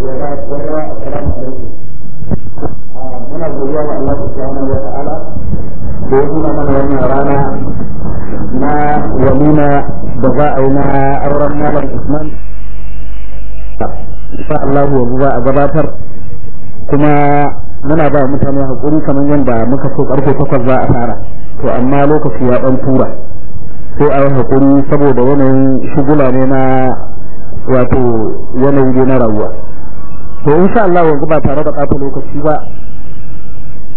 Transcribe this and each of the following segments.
muna godiya wa auren malam Usman insha Allah a gabatar kuma muna ba mutane hakuri kamar yadda muka so karfe takwas za a fara to amma lokaci ya dan tura sai a yi hakuri saboda yanayin shugula ne na wato yanayi na rayuwa to insha Allah wanzu ba tare da ɓata lokaci ba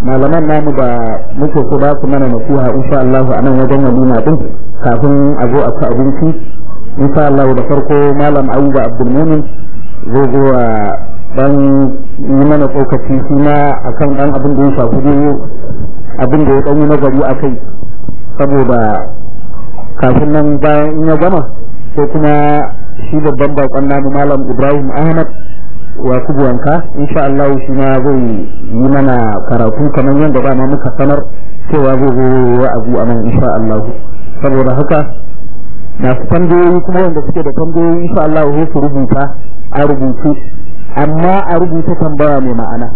malaman namu da muke ko ba su mana nasiha insha Allah a nan wajen walima din kafin a zo a ci abinci insha Allah da farko malam Ayuba Abdulmumin zai zo a dan yi mana tsokaci shi ma kan dan abin da ya shafi abin da ya dan yi nazari a kai saboda kafin nan bayan in ya gama sai kuma shi babban bakon namu malam Ibrahim Ahmad wa kubuwanka insha Allah shi ma zai yi mana karatu kamar yadda ba ma muka sanar cewa zai zo abu a nan insha Allah saboda haka na masu tambayoyi kuma wanda suke da tambayoyi insha Allah su rubuta a rubutu amma a rubuta tambaya mai ma'ana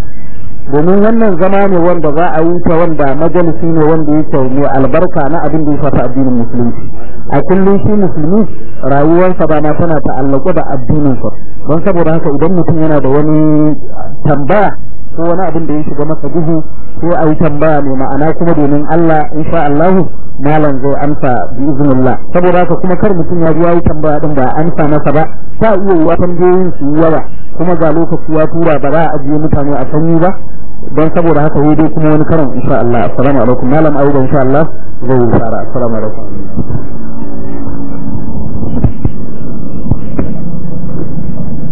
domin wannan zama ne wanda za a yi wanda majalisi ne wanda yake mai albarka na abin da ya shafi addinin musulunci a kullum shi musulmi rayuwarsa ba ma tana ta'allaku da sa don saboda haka idan mutum yana da wani tambaya ko wani abin da ya shiga masa duhu ko a yi tambaya mai ma'ana kuma domin Allah sha Allah malam zai amsa bi iznillah saboda haka kuma kar mutum ya ruwa yi tambaya din ba amsa masa ba ta iya yiwa tambayoyin su yawa kuma ga lokaci ya tura ba za a ajiye mutane a sanyi ba don saboda haka wai dai kuma wani karin insha Allah assalamu alaikum malam Auba insha Allah zai yi fara assalamu alaikum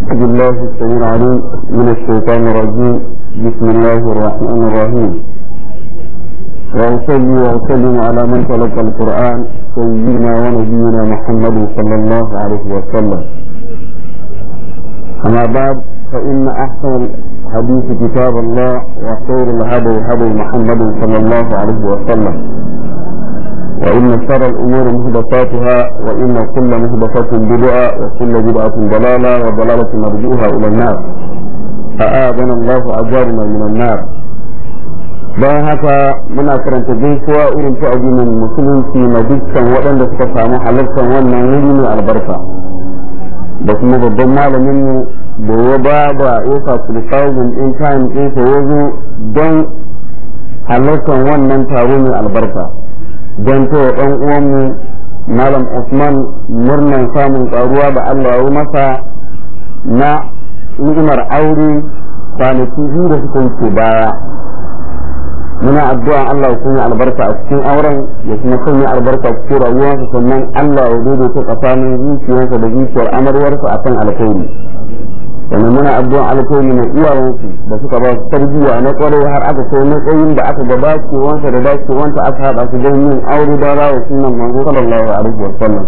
بسم الله السميع العليم من الشيطان الرجيم بسم الله الرحمن الرحيم وأصلي وأسلم على من تلقى القرآن سيدنا ونبينا محمد صلى الله عليه وسلم أما بعد فإن أحسن الحديث كتاب الله وخير الهدي هدي محمد صلى الله عليه وسلم وإن شر الأمور مهدفاتها وإن كل مهدفة بدعة وكل بدعة ضلالة وضلالة مرجوها إلى الناس a'adana Allah ajwarna min an bayan haka muna karanta gaisuwa irin ta addinin musulunci na dukkan waɗanda suka samu halartar wannan wuri mai albarka da kuma babban malamin mu da ya ba ba ya sa ɗin kayan ɗinsa ya don halartar wannan taro mai albarka don ta ɗan uwanmu malam usman murnan samun ƙaruwa da allah ya masa na ni'imar aure kwanaki biyu da suka wuce baya muna addu'a Allah ya sanya albarka a cikin auren ya kuma sanya albarka cikin rayuwarsa sannan Allah ya ta tsakanin zuciyarsa da zuciyar amarwarsa akan alkhairi sannan muna addu'a alkhairi na iyayensu da suka ba su tarbiyya na kwarai har aka kai matsayin da aka gaba wanta da wanta aka haɗa su don yin aure da rawa sunan manzo sallallahu alaihi sallam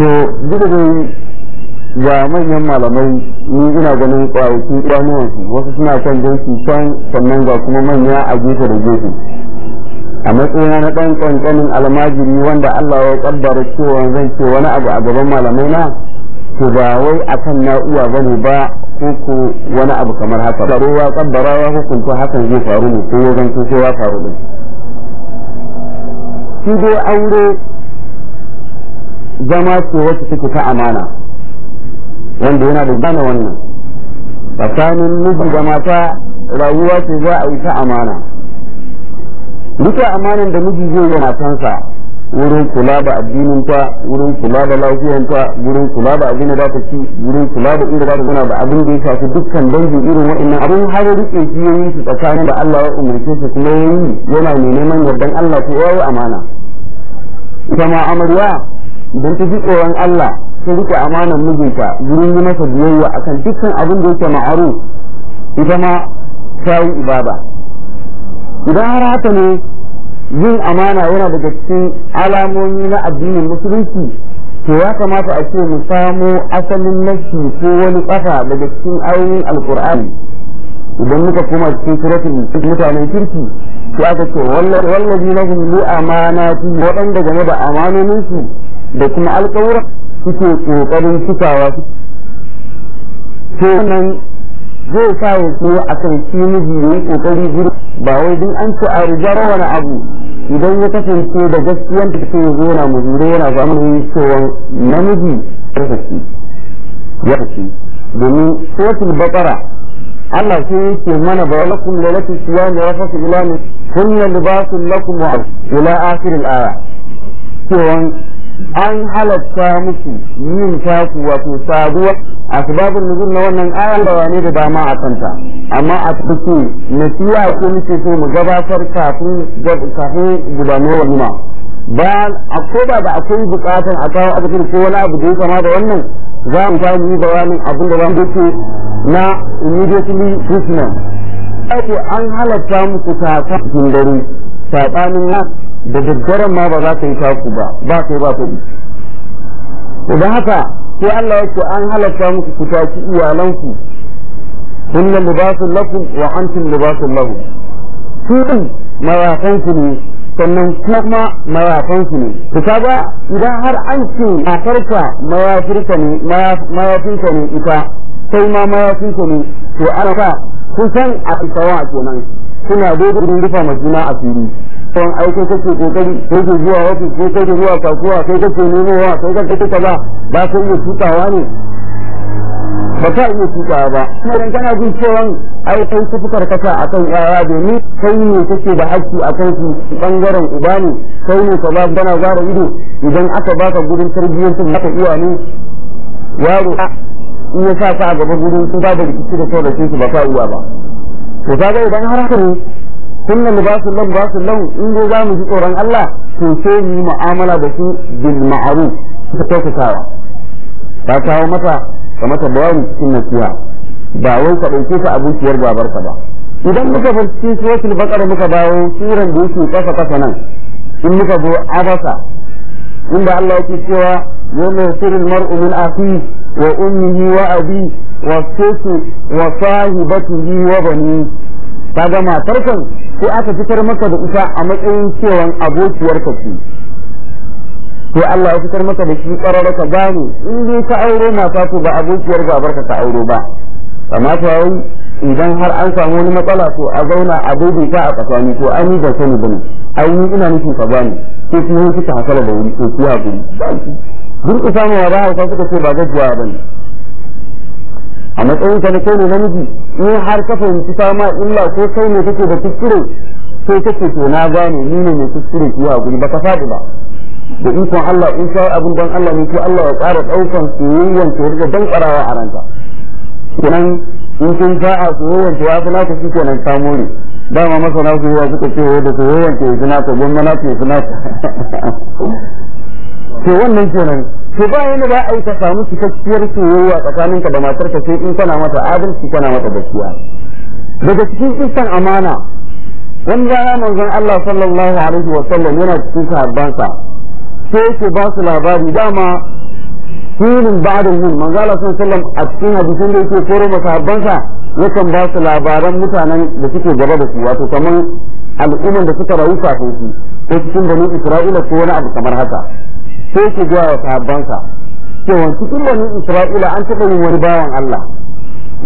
to duk da ga manyan malamai ni ina ganin kwayoyin idanuwansu wasu suna kan jinsi can sannan ga kuma manya a gefe da gefe a matsayina na ɗan ƙanƙanin almajiri wanda Allah ya ƙaddara cewa zan ce wani abu a gaban malamai na to ba wai akan ba bane ba ko ko wani abu kamar haka ba ruwa ƙaddara ya hukunta hakan zai faru ne ko ya zanto sai ya faru ne shi dai aure zama ce wacce take ta amana wanda yana da gane wannan tsakanin miji da mata rayuwa ce za a yi ta amana duka amanan da miji zai yi matansa wurin kula da addininta wurin kula da lafiyanta wurin kula da abin da za ta ci wurin kula da inda za ta gana da abin da ya shafi dukkan dangi irin waɗannan abin har rike shi yayi su tsakanin da Allah ya umarce su kuma yayi yana neman yardan Allah ko yayi amana ita ma amarya don ta fi tsoron Allah sun rike amanar mijinta wurin yi masa biyayya kan dukkan abin da yake ma'aru ita ma ta yi ibada idan har haka ne yin amana yana daga cikin alamomi na addinin musulunci to ya kamata a ce mu samu asalin nashi ko wani kafa daga cikin ayoyin alkur'ani idan muka kuma cikin suratul mutanen kirki sai aka ce wallahi lahum amana amanati waɗanda game da amanoninsu da kuma alƙawuran suke ƙoƙarin cikawa su to nan zai sa ya a kan shi miji yayi ƙoƙari gudu ba wai duk an ci a rigar wani abu idan ya kasance da gaskiyan da ke zo na mazuri yana yi cewa namiji rasashi ya rasashi domin suratul bakara Allah yi ke mana ba lakum siya siyam wa su ila min yi libasun lakun wa ila akhir al-aya cewa an halatta musu yin taku wato saduwa sababin nuzul na wannan ayan bayane da dama a kanta amma a cikin siya ko muke so mu gabatar kafin kafin gudanar wannan ba a ko ba da akwai bukatar a kawo abincin ko wani abu da ya kama da wannan za mu samu yi bayanin abin da zamu dace na immediately treatment. Ake an halatta musu kafin dare saɓanin nan da daddaren ma ba za ka yi taku ba ba kai ba kuɗi da haka sai Allah ya ce an halatta muku ku taki iyalanku hunna libasun lakum wa antum libasun lahum su din mayafan ku ne sannan kuma mayafan ku ne ku kaga idan har an ce farka mayafirka ne mayafinka ne ita sai ma mayafinka ne to ana ka kusan a isawa kenan suna dogon rufa ma juna a fili kan aiko kake kokari kai ke zuwa wafi ko kai ke zuwa kasuwa kai kake nemowa kai kake kuka ba ba ka iya tukawa ne ba ka iya tutawa ba kuma dan kana jin cewa ai kai ku fukar kasa akan yaya domin kai ne kake da hakki akan su bangaren uba ne kai ne ka ba bana zara ido idan aka baka gurin tarbiyyantun maka iya yaro in ya sa ka a gaba gurin su da rikici da sauran su ba ka uwa ba to kaga idan har haka ne kun da libasun lahu libasun lahu in dai za mu ji tsoron Allah to sai mu yi mu'amala da su bil ma'ruf ta ba ta kawo mata ka mata bawani cikin nasiha ba wai ka ɗauke ta abokiyar ka ba idan muka farci suratul baqara muka bawo suran da yake kafa kafa nan in muka zo abasa inda Allah yake cewa yawma yasirul mar'u min akhihi wa ummihi wa abi wa sisi wa sahibatihi wa bani kaga matar kan ko aka fitar maka da ita a matsayin cewan abokiyar ka ce to Allah ya fitar maka da shi kararraka gane in dai ka aure mata to ba abokiyar gabar ka ka aure ba amma ta yi idan har an samu wani matsala to a zauna a ta a tsakani ko an yi ban sani bane ai ni ina nufin ka bani ko kuma wani suka hasala da wuri ko kuwa guri duk samu wa ba hausa suka ce ba gaggawa bane a matsayin ka na kai ne namiji in har ka fahimci ta ma illa ko kai ne kake da kuskure sai kake to na gane ni ne mai kuskure kuwa gudu ba ka fadi ba da ikon Allah in sai abin dan Allah ne ko Allah ya ƙara daukan soyayyan ta riga dan ƙarawa a ranka kenan in kun sa'a tsohon cewa wa fi naku shi kenan samu ne dama masa na yawa suka ce wa da tsohon wawanke ya naka naku gwamna naku ya naka ke wannan kenan ke ba yana ba a yi ka samu cikakkiyar soyayya tsakaninka da matarka sai in kana mata adalci kana mata gaskiya daga cikin isan amana wani rana manzon Allah sallallahu alaihi wa sallam yana cikin sahabbansa sai ku ba su labari dama filin ba'da yin manzala sun sallam a cikin hadisin da yake koro masahabbansa yakan ba su labaran mutanen da suke gaba da su wato kamar al'umman da suka rayu kafin su ko cikin bani isra'ila ko wani abu kamar haka sai ku gaya wa sahabbansa cewa cikin bani isra'ila an taɓa yin wani bayan allah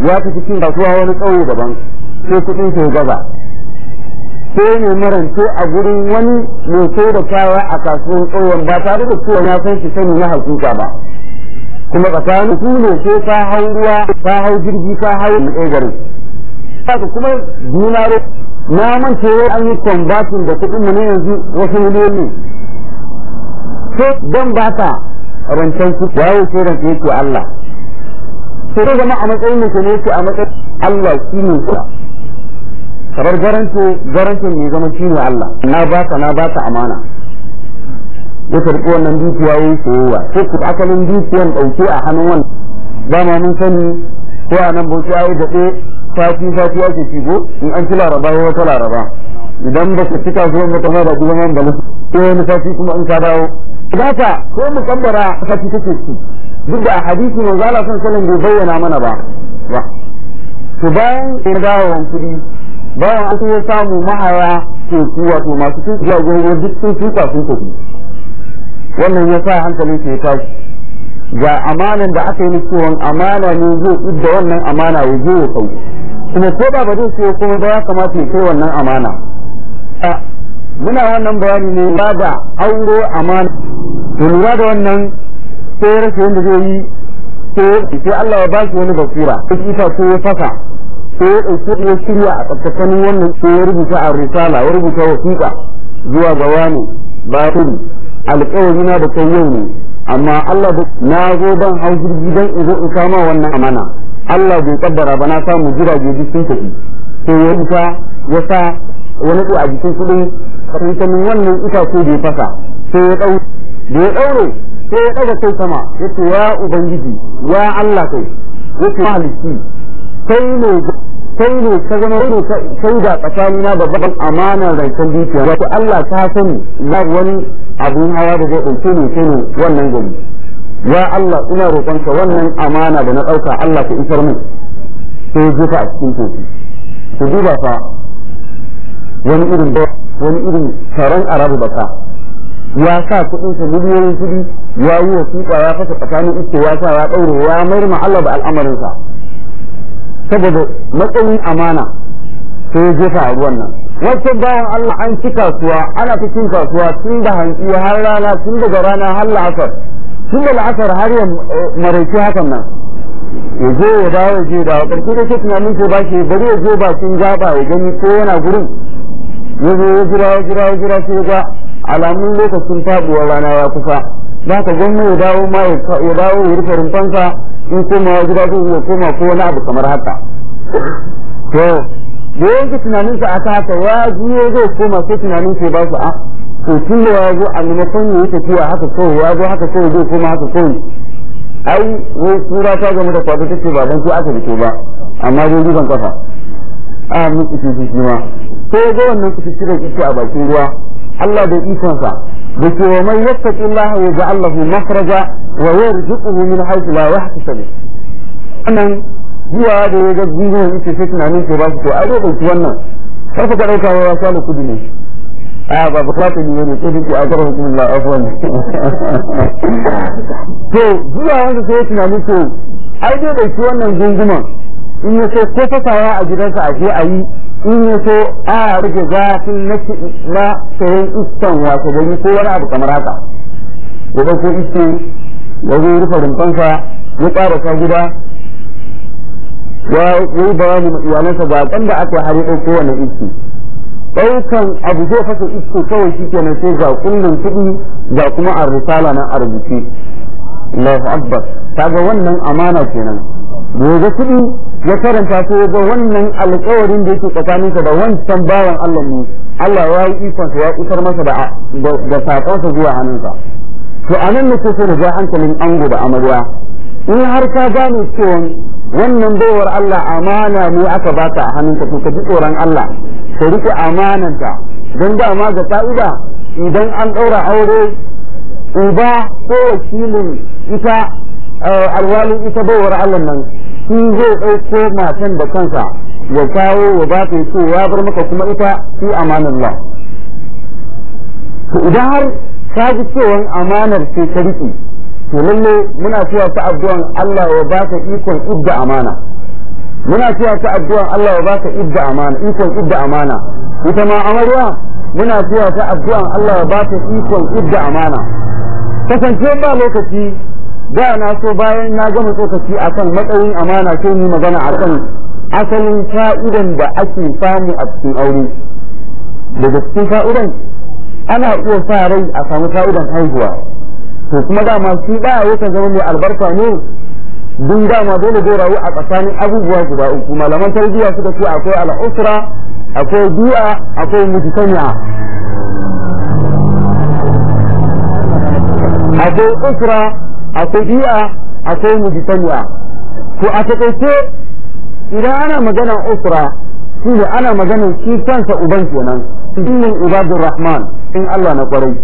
ya fi cikin rasuwa wani tsawo daban sai kuɗin sai gaza sai ne marance a gurin wani mai sai da kaya a kasuwan tsawon ba tare da cewa ya san shi sani na hakuka ba kuma tsakanin ku ne ko ta hau ruwa ta hau jirgi ta hau na ɗaya garin haka kuma ro na mance wai an yi tambatin da kuɗin mu ne yanzu wasu ne to dan ba ta rancen ku waye ko rance yake Allah to zai zama a matsayin ne ne yake a matsayin Allah shi ne ku sabar garanto garanto ne zama shi ne Allah na baka na baka amana ya karɓi wannan dukiya ya yi koyowa ko ku asalin dukiyan ɗauke a hannun wani ma mun sani ko a nan bauchi ayi gaɗe sati sati ake shigo in an ci laraba ya wata laraba idan ba ka cika zuwa ba ta da kuma nan da musu ko wani sati kuma in ka dawo idan ka ko mu kabbara sati take ci duk da hadisi manzo Allah san sallan bai bayyana mana ba to bayan in dawo kuɗi bayan an samu mahaya ko kuwa to masu tuka gogo duk sun tuka sun tafi. wannan ya sa hankalin ke tashi ga amanan da aka yi nufin amana ne zai idda wannan amana ya zo ya kai kuma ko ba ba zai ce kuma ba ya kamata ya kai wannan amana muna wannan bayani ne ba da auro amana to lura da wannan sai rashin yadda zai yi sai Allah ya ba shi wani basira ko ita ko ya fasa ko ya ɗauki ya shirya a tsakanin wannan ko ya rubuta a risala ya rubuta wasiƙa zuwa ga wani ba alƙawari na da kai yau ne amma Allah na zo ban hau jirgi dan in zo in kama wannan amana Allah bai kaddara ba na samu jirage duk sun tafi to ya isa ya sa wani ko a jikin kudin kan wannan ko bai fasa sai ya dau da ya daure sai ya daga kai sama yace ya ubangiji ya Allah kai yace maliki kai ne sai ta zama sai da tsakani na babban amanar rancen dukiya wato Allah ta sani na wani abun hawa da zai ɗauke ni sai ne wannan gari ya Allah ina roƙonka wannan amana da na ɗauka Allah ku isar min sai jefa a cikin kofi ku duba fa wani irin wani irin taron arabu baka ya sa kuɗin sa miliyoyin kuɗi ya yi wasiƙa ya fasa tsakanin iske ya sa ya ɗaure ya mayar ma Allah da al'amarinsa saboda matsayin amana sai ya jefa a ruwan nan wacce bayan Allah an ci kasuwa ana ta cin kasuwa tun da hantsi har rana tun daga rana har la'asar tun da la'asar har ya maraice hakan nan ya je ya dawo ya je dawo ƙarfi da ke tunanin ko ba shi bari ya je ba sun gaba ya gani ko yana gurin ya zo ya jira ya jira ya jira sai ga alamun lokacin faɗuwar rana ya kusa za ka gwamna ya dawo ma ya dawo ya rufe rumfansa in koma gida zai ya koma ko wani abu kamar haka to da yanke tunaninsa a haka ya ya zai koma sai tunanin ke ba su a ah, to tun da ya zo a maimakon ya yi tafiya haka so ya zo haka kawai zai koma haka so ai wai kura ta game da kwato take ba dan ko aka rike ba amma dai duban kafa a mun kuce shi ma sai zo wannan kuce kiran ita a bakin ruwa Allah da ikonsa بك ومن يتق الله يجعل له مخرجا ويرزقه من حيث لا يحتسب انا هو هذا يجزيه انت فتنة انت راسك ادو قلت وانا كيف تلقى ورسال قدمي اه بابا خلاطي من يوني قد انت اجرهكم الله عفوا تو هو هذا يجزيه انت فتنة انت ادو قلت وانا جنجمان in ya so ko fasawa a gidansa a je a yi in ya so a rage zafin na tsoron iskan wato gani ko wani abu kamar haka ya ko iske ya zo rufe rumfansa ya sa gida ya yi bayani ma iyalansa ba kan da aka hari ɗauko wani iske ɗaukan abu zai fasa iske kawai shi ke sai ga kullum kuɗi ga kuma a risala na a rubuce Allahu Akbar ga wannan amana kenan gobe kudi ya karanta ko ga wannan alƙawarin da yake tsakaninsa da wancan bawan Allah ne Allah ya yi ikon ya kusar masa da da sa zuwa hannunsa to anan ne kusa da hankalin ango da amarya in har ka gane cewa wannan baiwar Allah amana ne aka baka a hannunka to ka ji tsoron Allah ka rike amananta don da ma ga ka'ida idan an ɗaura aure uba ko wakilin ita Eh, alwalin ita bawar Allah nan shi zai ɗauko matan da kansa ya kawo wa ba ta so ya bar maka kuma ita fi amanallah to idan har ka ji cewa amanar ce ta riƙe to lalle muna cewa ta addu'an Allah ya ba ka ikon idda amana muna cewa ta addu'an Allah ya ba ka idda amana ikon idda amana ita ma amarya muna cewa ta addu'an Allah ya ba ka ikon idda amana kasance ba lokaci da na so bayan na gama tsokaci akan matsayin amana sai ni magana akan asalin fa'idan da ake samu a cikin aure daga cikin fa'idan ana iya sa rai a samu fa'idan haihuwa to kuma dama shi da yakan zama mai albarka ne dun dama dole zai a tsakanin abubuwa guda uku malaman tarbiyya suka ce akwai al'usra akwai du'a akwai mujtami'a akwai usra akwai bi'a akwai mujtami'a ko a takaice idan ana magana usra shine ana magana shi kansa uban kenan cikin ibadur rahman in Allah na kwarai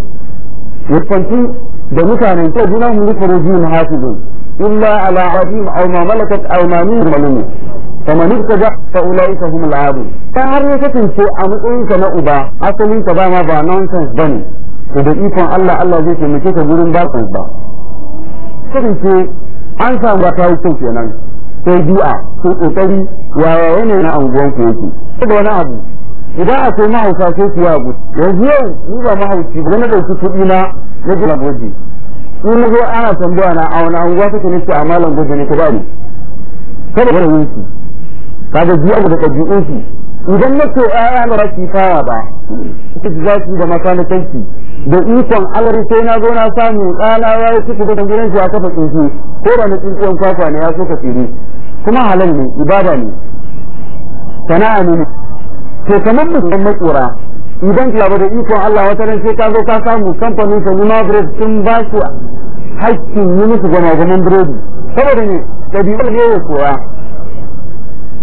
wasanci da mutanen ta juna mu rufe rujun hafizun illa ala abim aw ma malakat aw ma min malum kama ni ka fa ulaika hum al abu. ta har ya kasance a matsayin ka na uba asalin ka ba ma ba nonsense bane to da ikon Allah Allah zai taimake ka gurin ba ba kasance an samu ta hukun kenan ko bi'a ko kokari wawa na anguwan ku yake saboda wani abu idan akwai mahausa sai ku ya yanzu yau ni ba mahauci ba na dauki kuɗi na na gina gwaji in na zo ana tambaya na a wani anguwa take ne ce a malam gwaji ne ba ni kada wani kaga da ɗabi'unsu idan na ce ƴaƴa ba rashi fara ba duk za su na masanatanki da ikon alari sai na zo na samu ɗana ya yi kuku da gidan shi a kafa tsinki ko da na tsinkiyan kwakwa ne ya so ka tsiri kuma halal ne ibada ne sana'a ne to kamar mutum matsora idan ka da ikon Allah wata ran sai ka zo ka samu kamfanin sa Numa Bread sun ba shi hakkin yi musu gwamagwaman biredi saboda ne ɗabi'ar ne ya koya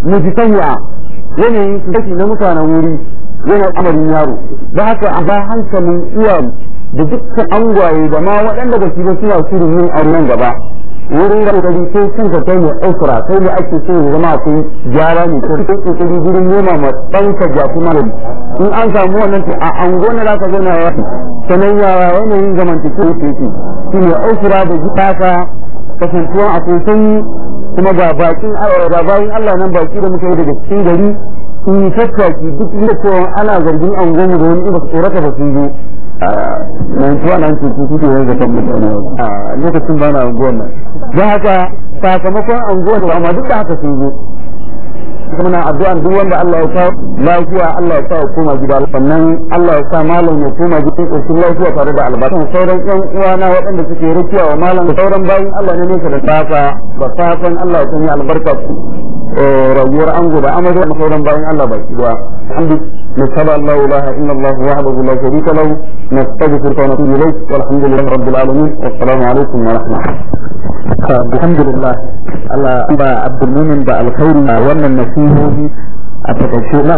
mu ji sanya yanayin su na mutanen wuri yana amarin yaro ba haka a ba hankalin iya da dukkan angwaye da ma waɗanda ba su ba suna shirin yin nan gaba wurin da rike sun ka kai mai usra kai ne ake so ya zama kai gyara ne ko kai kokari gurin noma ma ɗanka ja kuma da in an samu wannan to a angona za ka zauna ya sanayya wa yanayin zamantakewa ke shi ne usra da jikaka kasantuwa akwai sanyi kuma ga bakin ga bayin Allah nan baki da muka yi daga cikin gari in tattaki duk da kowa ana zargin an gani da wani inda tsorata ba sun zo ah, nan tuwa na ce su kuke yanzu kan mutane a ah, lokacin ba na anguwan nan don haka sakamakon anguwan da amma duk da haka sun zo kuma na addu'an duk wanda Allah ya sa lafiya Allah ya sa koma gida sannan Allah ya sa malam ya koma gida ƙoshin lafiya tare da albarka sauran ƴan uwana waɗanda suke rukiya wa malam sauran bayan Allah ne ka da safa ba safan Allah ya sani albarka su رجور أنجب أمر مخورا بين الله بي وحمد نسأل الله الله إن الله وحده الله شريك له نستجي فرطانة إليك والحمد لله رب العالمين والسلام عليكم ورحمة الحمد لله الله أبا عبد المؤمن بأ الخير وأن النسيه أتكشونا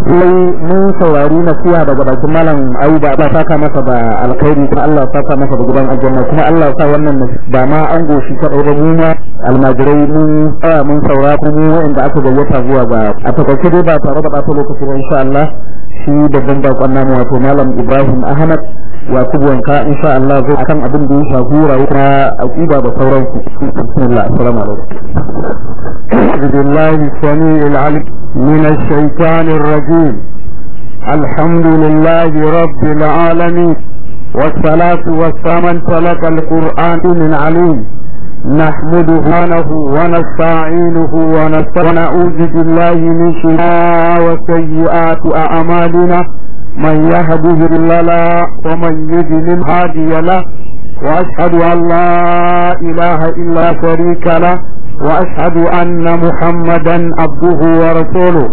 lai mun saurari na nasiha daga bakin malam ayuba ba saka masa ba alkhairi kuma Allah saka masa da gudan aljanna kuma Allah sa wannan ba ma an goshi ta ɗaura mu ma almajirai ah, mun a mun saura mu inda aka gayyata zuwa ba a takaice dai ba tare da ɓata lokaci ba insha Allah shi banda kwanna mu wato malam Ibrahim Ahmad wa wanka insha Allah zo akan abin da ya shafi rayu kuma aqiba da sauransu bismillah assalamu alaikum bismillah sami alim من الشيطان الرجيم الحمد لله رب العالمين والصلاة والسلام انطلق القرآن من عليم نحمده ونستعينه ونعوذ بالله من شرور وسيئات أعمالنا من يهده الله ومن يضلل هادي له وأشهد أن لا إله إلا شريك له وأشهد أن محمدا عبده ورسوله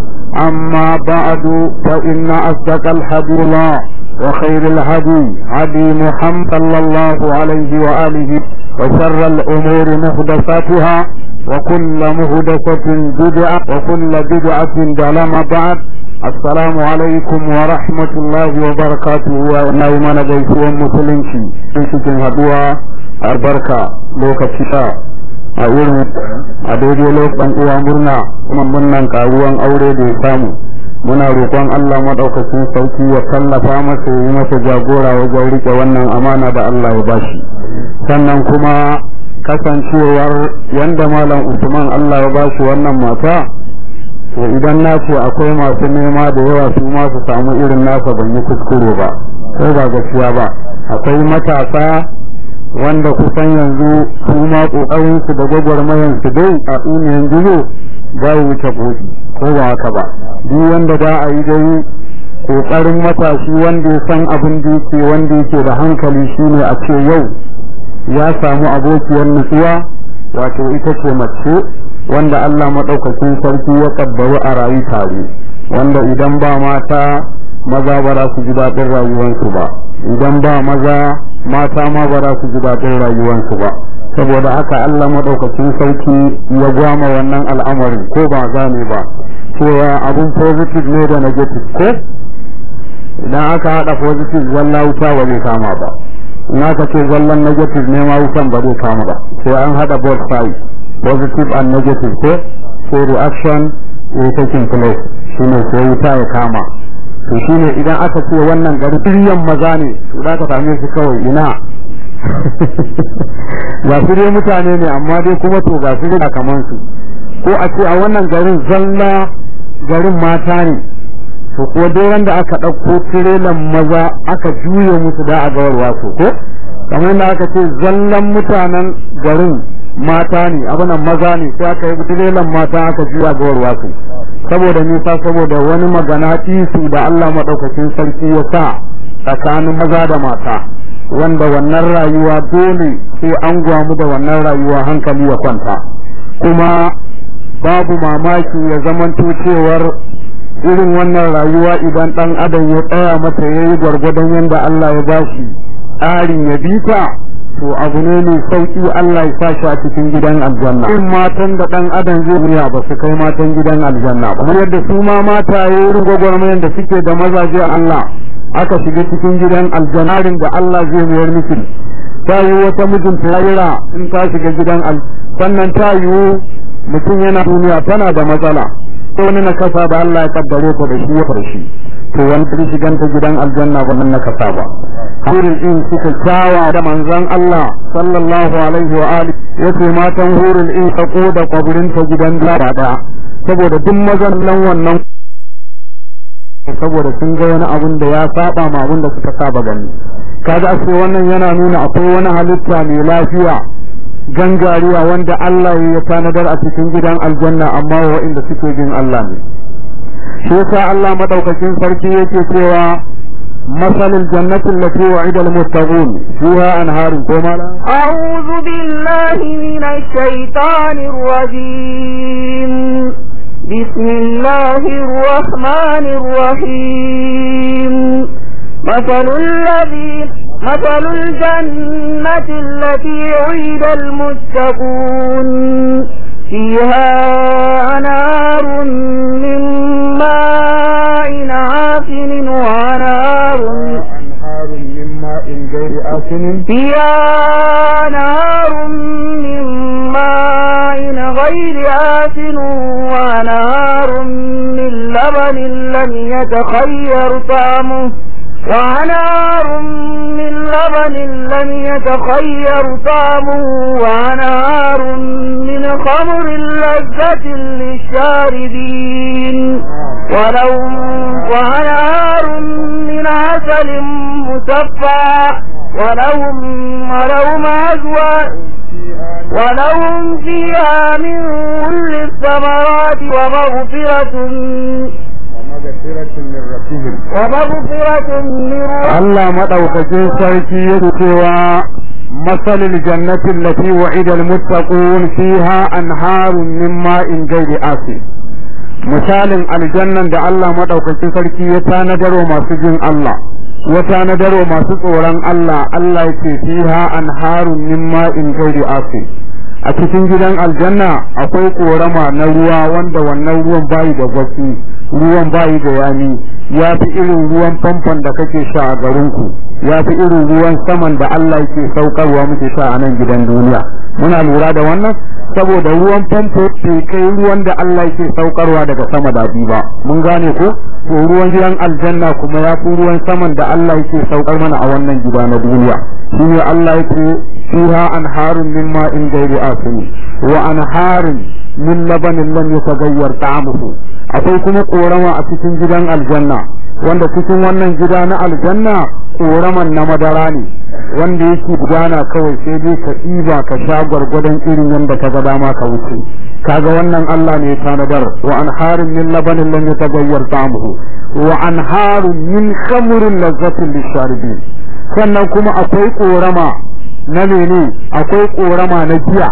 أما بعد فإن أصدق الحديث الله وخير الهدي هدي محمد صلى الله عليه وآله وشر الأمور محدثاتها وكل مهدسة بدعة وكل بدعة دلما بعد السلام عليكم ورحمة الله وبركاته ونومنا جيسوا مسلمين في شكل هدوها البركة لوكتشتا a wurin a daidai lokacin uwa murna kuma murnan karuwan aure da ya samu muna roƙon Allah maɗaukacin sauki ya tallafa masa yi masa jagora wajen riƙe wannan amana da Allah ya bashi sannan kuma kasancewar yanda malam Usman Allah ya bashi wannan mata to idan na akwai masu nema da yawa su ma su samu irin nasa ban yi kuskure ba ko ba gaskiya ba akwai matasa wanda kusan yanzu kuma kokarin su da gwagwarmayan su dai a uniyan gizo ba wuce koki ko ba haka ba duk wanda da a yi dai kokarin matashi wanda ya san abin da yake wanda yake da hankali shi ne a ce yau ya samu abokiyar nutsuwa wato ita ce mace wanda Allah maɗaukacin sarki ya kaddaru a rayu tare wanda idan ba mata maza ba za su ji daɗin rayuwarsu ba idan ba maza mata ma ba za ku gudatar rayuwarsu ba saboda haka Allah madaukakin sauki ya gwama wannan al'amarin ko ba za gane ba cewa abun positive ne da negative ko idan aka hada positive zalla wuta ba zai kama ba in aka ce zallan negative ne ma wutan ba zai kama ba sai an hada both sides positive and negative ko sai reaction is taking place shine sai wuta ya kama to shine idan aka ce wannan gari iriyan maza ne to da ka same su kawai ina ba su dai mutane ne amma dai kuma to ba su dai kaman su ko a ce a wannan garin zalla garin mata ne to ko dai randa da aka ɗauko tirelan maza aka juye musu da a gawarwa ko ko kamar da aka ce zallan mutanen garin mata ne abunan maza ne sai aka yi tirelan mata aka juya gawarwa ko saboda nisa saboda wani magana isu da Allah maɗaukakin sarki ya sa tsakanin maza da mata wanda wannan rayuwa dole sai an gwamu da wannan rayuwa hankali ya kwanta kuma babu mamaki ya zamanto cewar irin wannan rayuwa idan ɗan adam ya tsaya mata ya yi gwargwadon yadda Allah ya bashi tsarin ya bi ta. to abu ne mai sauki Allah ya sa shi a cikin gidan aljanna in matan da dan adam zai wuya ba su kai matan gidan aljanna ba yadda su ma yi irin gwagwarmayan da suke da mazaje Allah aka shiga cikin gidan aljanna da Allah zai mayar miki ta yi wata mijin tarira in ta shiga gidan al sannan ta yi mutum yana duniya tana da matsala ko ni na kasa da Allah ya kaddare ta da shi ya farshi to wani shigan ta gidan aljanna ba nan kasa ba. hurin in suka kyawa da manzon Allah sallallahu alaihi wa alihi yace matan hurin in ta koda kaburin ta gidan da saboda duk mazan nan wannan saboda sun ga wani abun da ya saba ma abun da suka saba gani kaga ashe wannan yana nuna akwai wani halitta mai lafiya gangariya wanda Allah ya tanadar a cikin gidan aljanna amma wa'inda suke bin Allah ne shi yasa Allah madaukakin sarki yake cewa مثل الجنة التي وعد المتقون فيها أنهار الجمال أعوذ بالله من الشيطان الرجيم بسم الله الرحمن الرحيم مثل الذي مثل الجنة التي وعد المتقون فيها أنهار من ماء عاقل وأنهار أنهار من ماء غير عافن فيها أنهار من ماء غير آسن وأنهار من لبن لم يتخير طعمه وأنهار من لبن لم يتخير طعمه وأنهار من خمر لذة للشاربين ولو من عسل مصفى ولهم ولهم أزواج ولهم فيها من كل الثمرات ومغفرة Allah maɗaukakin sarki yake cewa masalin jannatin lati wa'idal muttaqun fiha anharun min ma'in ghairi asin misalin aljannan da Allah maɗaukakin sarki ya tanadarwa masu jin Allah ya tanadarwa masu tsoron Allah Allah yake fiha anharun min ma'in ghairi asin a cikin gidan aljanna akwai korama na ruwa wanda wannan ruwan bayi da gwaki ruwan bayi da yami ya fi irin ruwan famfon da kake sha a garinku ya fi irin ruwan saman da Allah yake saukarwa muke sha a nan gidan duniya muna lura da wannan saboda ruwan famfo ke kai ruwan da Allah yake saukarwa daga sama da ba mun gane ko to ruwan gidan aljanna kuma ya fi ruwan saman da Allah yake saukar mana a wannan gida na duniya ne Allah yake fiha anharun min ma'in ghayri as raƙumi wa anharin min labanin lam yatagayyar ta'amuhu akwai kuma korama a cikin gidan aljanna wanda cikin wannan gida na aljanna koraman na madara ne wanda yake gudana kawai sai dai ka iba ka sha gwargwadon irin yadda ka ga dama ka wuce kaga wannan Allah ne ya tanadar wa anharin min labanin lam yatagayyar ta'amuhu wa anharin min khamrin lazzatin lisharibin sannan kuma akwai korama na mene akwai korama na jiya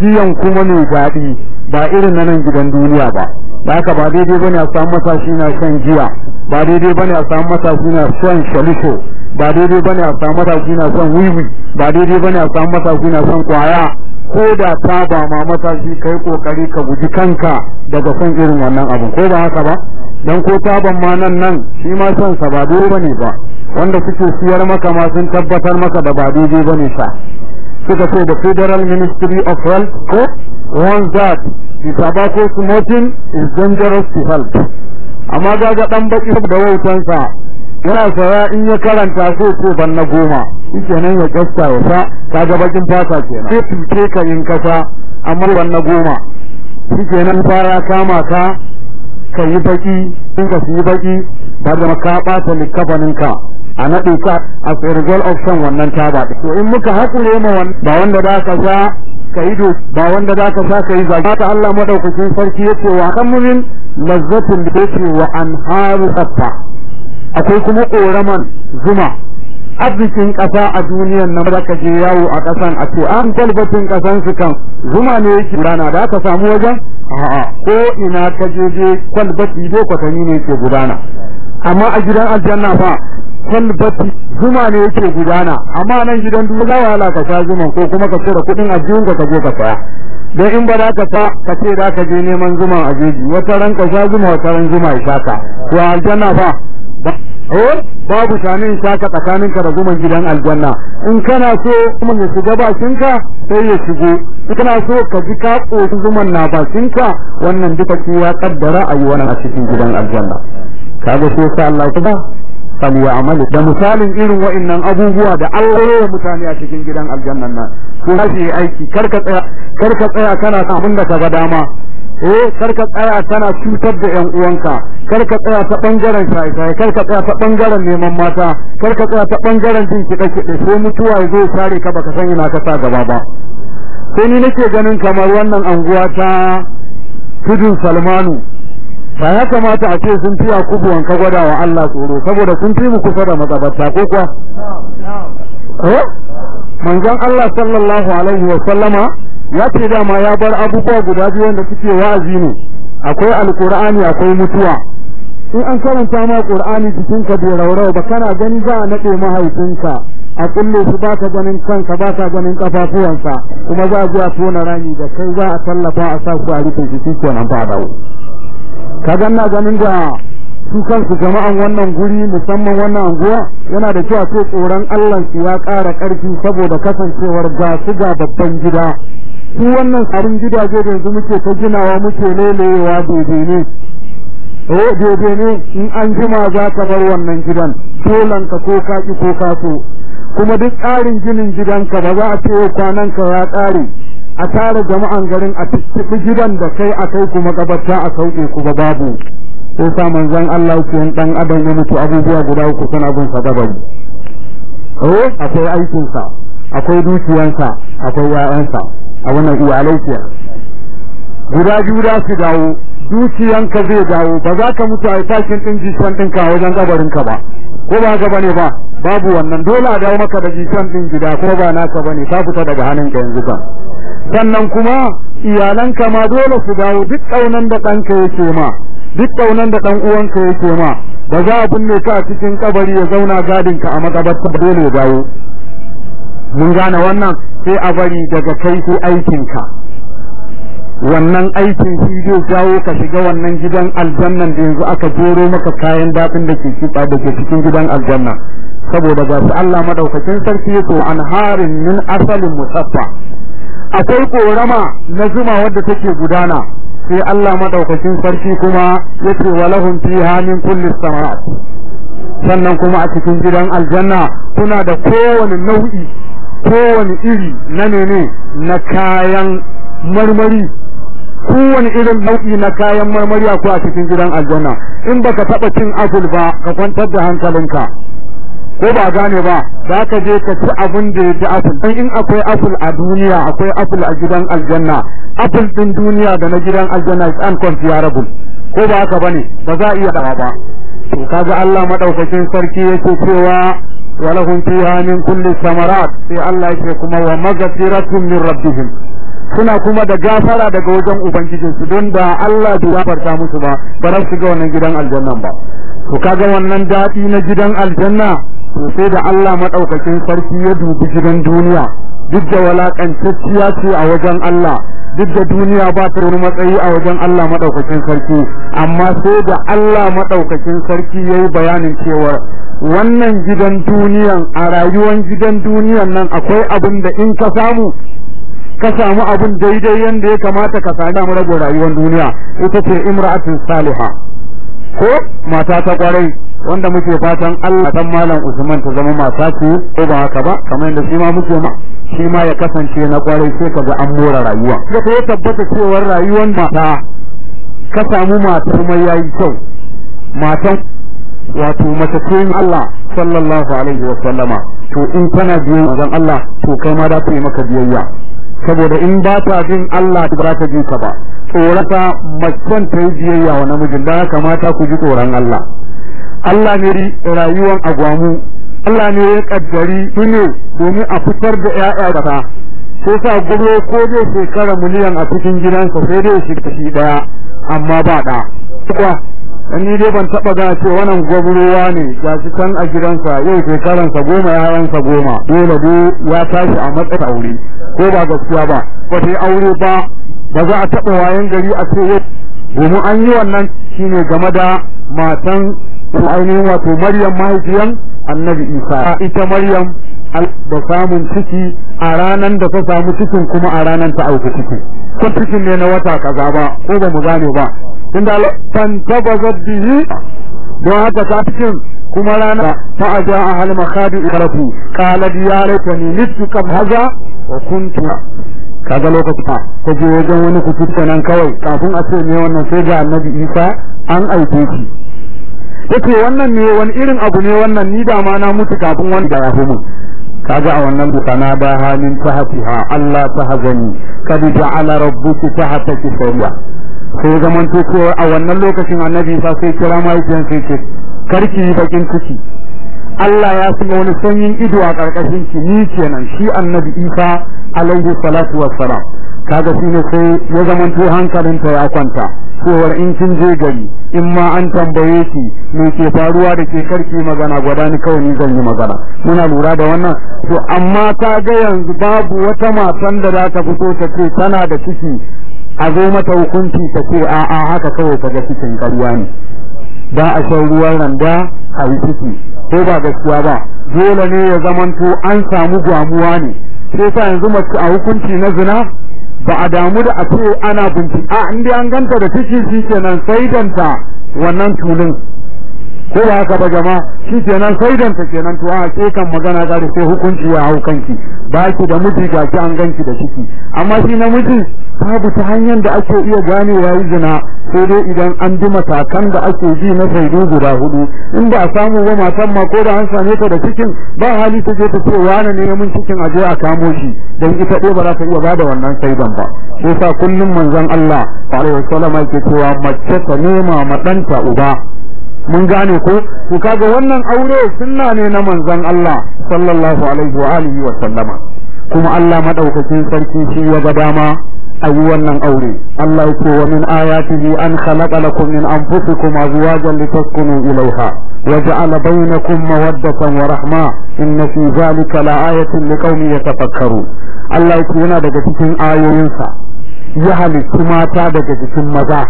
jiyan kuma mai daɗi ba irin na nan gidan duniya ba ba haka ba daidai bane a samu matashi na shan jiya ba daidai bane a samu matashi na shan shaliko ba daidai bane a samu matashi na shan wiwi ba daidai bane a samu matashi na shan kwaya ko da ta ba ma matashi kai kokari ka guji kanka daga son irin wannan abu ko ba haka ba dan ko taban ma nan nan shi ma son sa ba dole bane ba wanda suke siyar maka ma sun tabbatar maka da ba dole bane sa suka ce the Federal Ministry of Health ko one that the tobacco smoking is dangerous to health amma ga ga dan baki da wautansa yana saya in ya karanta ko ko ban na goma nan ya kasta ya sa ga bakin fata kenan sai tuke ka yin kasa amma ban na goma nan fara kama ka ka yi baki in ka yi baki ba da ka bata likafanin ka a naɗe ka a result of son wannan taba to in muka hakure ma ba wanda za ka sa ka yi ba wanda za ka sa ka yi zaki ta Allah madaukakin sarki yake wa amurin lazzatin da yake wa anharu hatta akwai kuma ƙoraman zuma arzikin ƙasa a duniyan nan da ka je yawo a ƙasan a ce an kwalbatin ƙasan su kan zuma ne yake rana da aka samu wajen ko ina ka je je kwalbati dai kwatanni ne ke gudana amma a gidan aljanna fa kwalbati zuma ne yake gudana amma nan gidan duniya za wahala ka sha zuma ko kuma ka cire kuɗin ajiyun ka je ka saya don in ba za ka fa ka ce za ka je neman zuma a jeji wata ran ka sha zuma wata ran zuma ya sha ka to aljanna fa Oh, babu tanin saka tsakaninka da guman gidan aljanna in kana so mun ya shiga bakinka sai ya shigo in kana so ka ji ka koshi zuman na bakinka wannan duka shi ya kaddara a yi wannan a cikin gidan aljanna kaga sai sa Allah ba fali ya amalu da misalin irin wa'annan abubuwa da Allah ya mutane a cikin gidan aljannan nan ko shi aiki karka tsaya karka tsaya kana samun abin da ka ga dama eh karka tsaya tana cutar da ƴan uwanka karka tsaya ta bangaren shaye-shaye karka tsaya ta bangaren neman mata karka tsaya ta bangaren jin kiɗe-kiɗe sai mutuwa ya zo sare ka baka san ina ka sa gaba ba sai ni nake ganin kamar wannan anguwa ta tudun salmanu ba ya kamata a ce sun fiya kubu wanka gwada wa Allah tsoro saboda sun fi mu kusa da matsabarta ko kuwa eh manzon Allah sallallahu alaihi wa sallama ya ce dama ya bar abubuwa guda biyu wanda suke wa'azi ne akwai alqur'ani akwai mutuwa in an karanta ma qur'ani jikinka bai raurau ba kana gani za a nade mahaifinka a kullu su baka ganin kanka baka ganin kafafuwansa kuma za a ji a tona rami da kai za a tallafa a sa ku a rufe shi shi kenan ba dawo ka ganna ganin da su kansu jama'an wannan guri musamman wannan anguwa yana da cewa sai tsoron Allah su ya ƙara ƙarfi saboda kasancewar ga su ga babban gida su wannan tsarin gidaje da yanzu muke ta ginawa muke lelewa daidai ne o eh, daidai ne in an jima za ka bar wannan gidan Tolanka ko kaki ko kaso. kuma duk tsarin ginin gidanka ba za a ce kwanan ka ya tsare a tare jama'an garin a tuttuɓi gidan da kai a kai kuma gabata a sauke ku ba babu ko sa manzon Allah yake dan adam ya mutu abubuwa guda uku suna bin sa gabari eh, akwai aikinsa akwai dukiyansa akwai 'ya'yansa a wannan iyalai kuwa guda biyu za su dawo dukiyanka zai dawo ba za ka mutu a yi takin ɗin jishan ɗinka wajen kabarinka ba ko ba gaba ne ba babu wannan dole a dawo maka da jishan ɗin gida ko ba naka ba ne ta fita daga hannunka yanzu kan sannan kuma iyalanka ma dole su dawo duk ƙaunan da ɗanka yake ma duk ƙaunan da ɗan uwanka yake ma ba za a binne ka a cikin kabari ya zauna gadinka a makabarta dole ya dawo mun gane wannan sai a bari daga kai ko aikinka wannan aikin shi zai jawo ka shiga wannan gidan aljannan da yanzu aka jero maka kayan daɗin da ke kitsa da ke cikin gidan aljanna saboda ga su Allah madaukakin sarki to an harin min asalin musaffa akwai korama na zuma wadda take gudana sai Allah madaukakin sarki kuma yace walahum fiha min kulli samarat sannan kuma a cikin gidan aljanna kuna da kowane nau'i kowane iri na mene na kayan marmari kowane irin nau'i na kayan marmari ko a cikin gidan aljanna in baka taba cin apple ba ka kwantar da hankalinka ko ba gane ba za ka je ka ci abin da ya ci apple don in akwai apple a duniya akwai apple a gidan aljanna apple din duniya da na gidan aljanna is uncomparable ko ba haka bane ba za a iya dawa ba to kaga Allah madaukakin sarki yake cewa ولهم فيها من كل الثمرات في الله يشركما ومغفرة من ربهم suna kuma da gafara daga wajen ubangijinsu don da Allah bai gafarta musu ba ba za su ga wannan gidan aljannan ba to kaga wannan daɗi na gidan aljanna sosai da Allah maɗaukacin sarki ya dubi gidan duniya duk da walakantacciya ce a wajen Allah duk da duniya ba ta wani matsayi a wajen Allah madaukakin sarki amma sai da Allah maɗaukakin sarki yayi bayanin cewa wannan gidan duniyan a rayuwar gidan duniyan nan akwai abin da in ka samu ka samu abin daidai yanda ya kamata ka samu rago rayuwar duniya ita ce imra'atun salihah ko mata ta kwarai wanda muke fatan Allah dan malam Usman ta zama mata ko ba haka ba kamar yadda shi ma muke ma shi ma ya kasance na kwarai sai kaga an mora rayuwa da ta tabbata cewa rayuwar mata ka samu mata mai yayi kyau matan wato mace ce Allah sallallahu alaihi wa sallama to in kana biyan dan Allah to kai ma da ta yi maka biyayya saboda in ba ta bin Allah ba ta ji ka ba tsorata macen ta yi biyayya wa namijin da kamata ku ji tsoron Allah Allah ne rayuwan agwamu Allah ne ya kaddari duniya domin a fitar da ƴaƴa daga ko sa gwamnati ko zai shekara miliyan a cikin gidansa sai dai shi kashi daya amma ba da kuwa ni dai ban taba ga ce wannan gwamnati ne ga shi kan a gidansa yau shekaransa goma sa goma dole go ya tashi a matsayin aure ko ba gaskiya ba ba sai aure ba ba za a taba wayan gari a ce domin an yi wannan shine game da matan kuma ainihin wato maryam mahaifiyan annabi isa ita maryam da samun ciki a ranan da ta samu cikin kuma a ranan ta auku ciki ko cikin ne na wata kaza ba ko ba mu gane ba da tan tabazat bihi don haka ta cikin kuma rana ta aja a hal makhadi kala qala ya laitani littu kam haza wa kuntu kaga lokacin ta ko je wajen wani kutu nan kawai kafin a ce ne wannan sai ga annabi isa an aike shi yace wannan ne wani irin abu ne wannan ni da ma na mutu kafin da ya hu mun kaga a wannan na ba halin ha Allah ta tahzani kad ja'ala rabbuka tahtaki sawiya sai zaman to ko a wannan lokacin annabi fa sai kira mai sai ce karki bakin kuki. Allah ya sanya wani sanyin ido a ƙarƙashin shi ni kenan shi annabi Isa alaihi salatu wassalam kaga shi ne sai ya hankalin ta ya kwanta cewar in kin je gari in ma an tambaye ki me ke faruwa da ke karki magana gwada ni kawai ni zan yi magana muna lura da wannan to amma ta ga yanzu babu wata matan da za ta fito ta ce tana da ciki a zo mata hukunci ta ce a'a haka kawai ta ga cikin karuwa ne ba a shan ruwan randa a yi ciki ko ba gaskiya ba dole ne ya zamanto an samu gwamuwa ne sai sa yanzu mace a hukunci na zina ba a damu da a ce ana bincike a inda an ganta da tishi kenan sai danta wannan tulun ko ba haka ba jama'a shi kenan saidan ta kenan to a ce kan magana gari ko hukunci ya hau kanki ba ki da miji ga ki an ganki da ciki amma shi namiji babu ta hanyar da ake iya gane ganewa zina sai dai idan an bi matakan da ake ji na saidu guda hudu in ba a samu ba matan ma ko da an same ta da cikin ba hali ta je ta ce wani ne mun cikin a je a kamo shi dan ita dai ba za ta iya ba da wannan saidan ba sai sa kullum manzon Allah sallallahu alaihi wasallam yake cewa mace ta nema ma uba mun gane ko to kaga wannan aure sunna ne na manzon Allah sallallahu alaihi wa alihi wa sallama kuma Allah madaukakin sarki shi ya ga dama ayi wannan aure Allah ya ce wa min ayatihi an khalaqa lakum min anfusikum azwajan litaskunu ilayha wa ja'ala bainakum mawaddatan wa rahma inna fi zalika la'ayatan liqaumin yatafakkarun Allah ya ce yana daga cikin ayoyinsa ya halittu mata daga jikin maza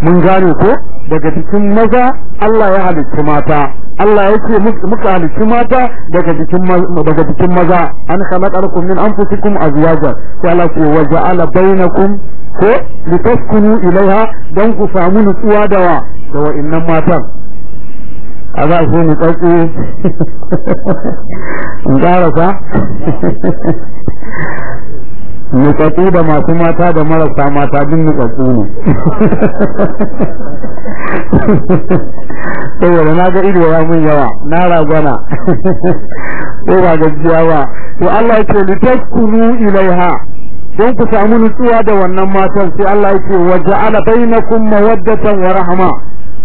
mun gane ko daga cikin maza Allah ya halicci mata Allah ya ce muka halicci mata daga cikin daga cikin maza an khalaqakum min anfusikum azwaja sai la ku waja'ala bainakum ko litaskunu ilaiha dan ku samu nutsuwa da wa da wa'annan matan a za su mu tsaki in ƙarasa nukatu da masu mata da marasa mata duk nukatu ne saboda na ga ido ya mun yawa na ragwana ko ba gajiya ba to Allah yake litaskunu ilaiha don ku samu nutsuwa da wannan matan sai Allah yake waja'ala bainakum mawaddatan wa rahma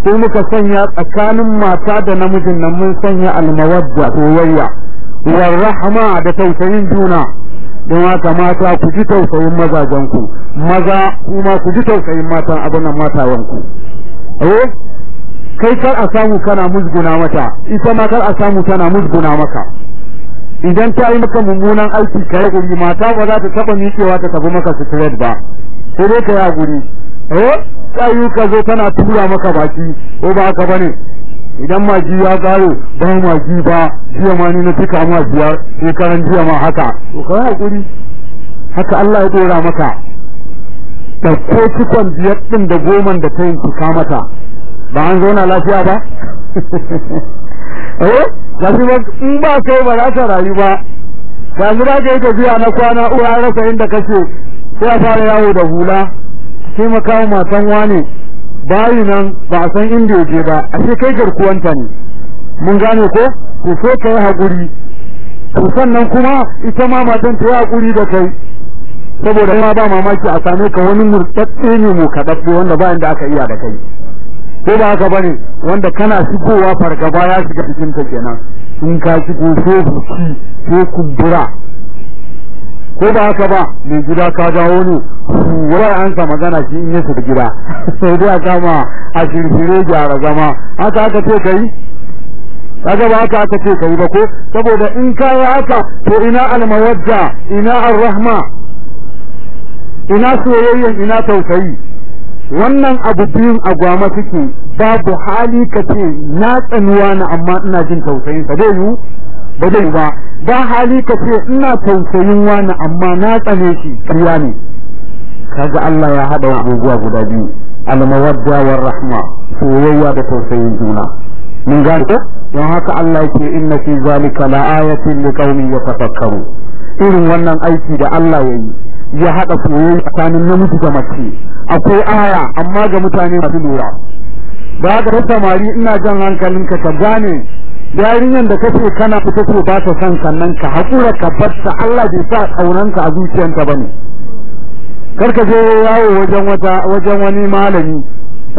sai muka sanya tsakanin mata da namijin nan mun sanya almawadda soyayya wa rahma da tausayin juna don haka mata ku ji tausayin mazajenku maza kuma ku ji tausayin matan abin nan eh kai kar a samu kana musguna mata ita ma kar a samu tana musguna maka idan ta yi maka mummunan aiki ka yi mata ba za ta taba miƙewa ta tabi maka sitirat ba sai dai ka yi guri eh sai ka zo tana tura maka baki ko ba haka bane idan maji ya karo ba maji ba jiya ma ni na fika ma biyar shekaran jiya ma haka to ka hakuri haka Allah ya dora maka ko cikon biyar ɗin da goman da ta yinka mata ba an zauna lafiya ba eh ga shi ba in ba kai ba za ta rayu ba ga shi za ka yi tafiya na kwana uwa rasa inda kace sai ya fara yawo da hula taimaka wa matan wane bayi nan ba a san inda yake ba a ashe kai garkuwanta ne mun gane ko ku so kai hakuri ku sannan kuma ita ma matan ta yi hakuri da kai saboda ma ba mamaki a same ka wani murtatse ne mu dabbe wanda ba inda aka iya da kai ko ba haka bane wanda kana shigowa fargaba ya shiga cikin ka kenan in ka shigo so buci ko kumbura ko ba haka ba mai gida ka dawo ne wura an sa magana shi in yasa da gida sai dai kama a shirfire gyara zama haka aka ce kai kaga ba haka aka ce kai ba ko saboda in kai haka to ina almawadda ina arrahma ina soyayyen ina tausayi wannan abu biyun gwama suke babu hali ce na tsanuwa na amma ina jin tausayin sa dai ba zai ba ba hali ka ce ina tausayin wani amma na tsane shi ƙarya ne kaga Allah ya haɗa abubuwa guda biyu almawadda war rahma soyayya da tausayin juna mun gane ko don haka Allah yake inna fi zalika la'ayatin liqaumin yatafakkaru irin wannan aiki da Allah yayi ya haɗa soyayya tsakanin namiji da mace akwai aya amma ga mutane masu lura ba ga samari ina jan hankalinka ka gane yarinyar da kace kana fita ko ba ta san sannan ka hakura ka ta Allah bai sa ka a zuciyarka bane karka je yawo wajen wata wajen wani malami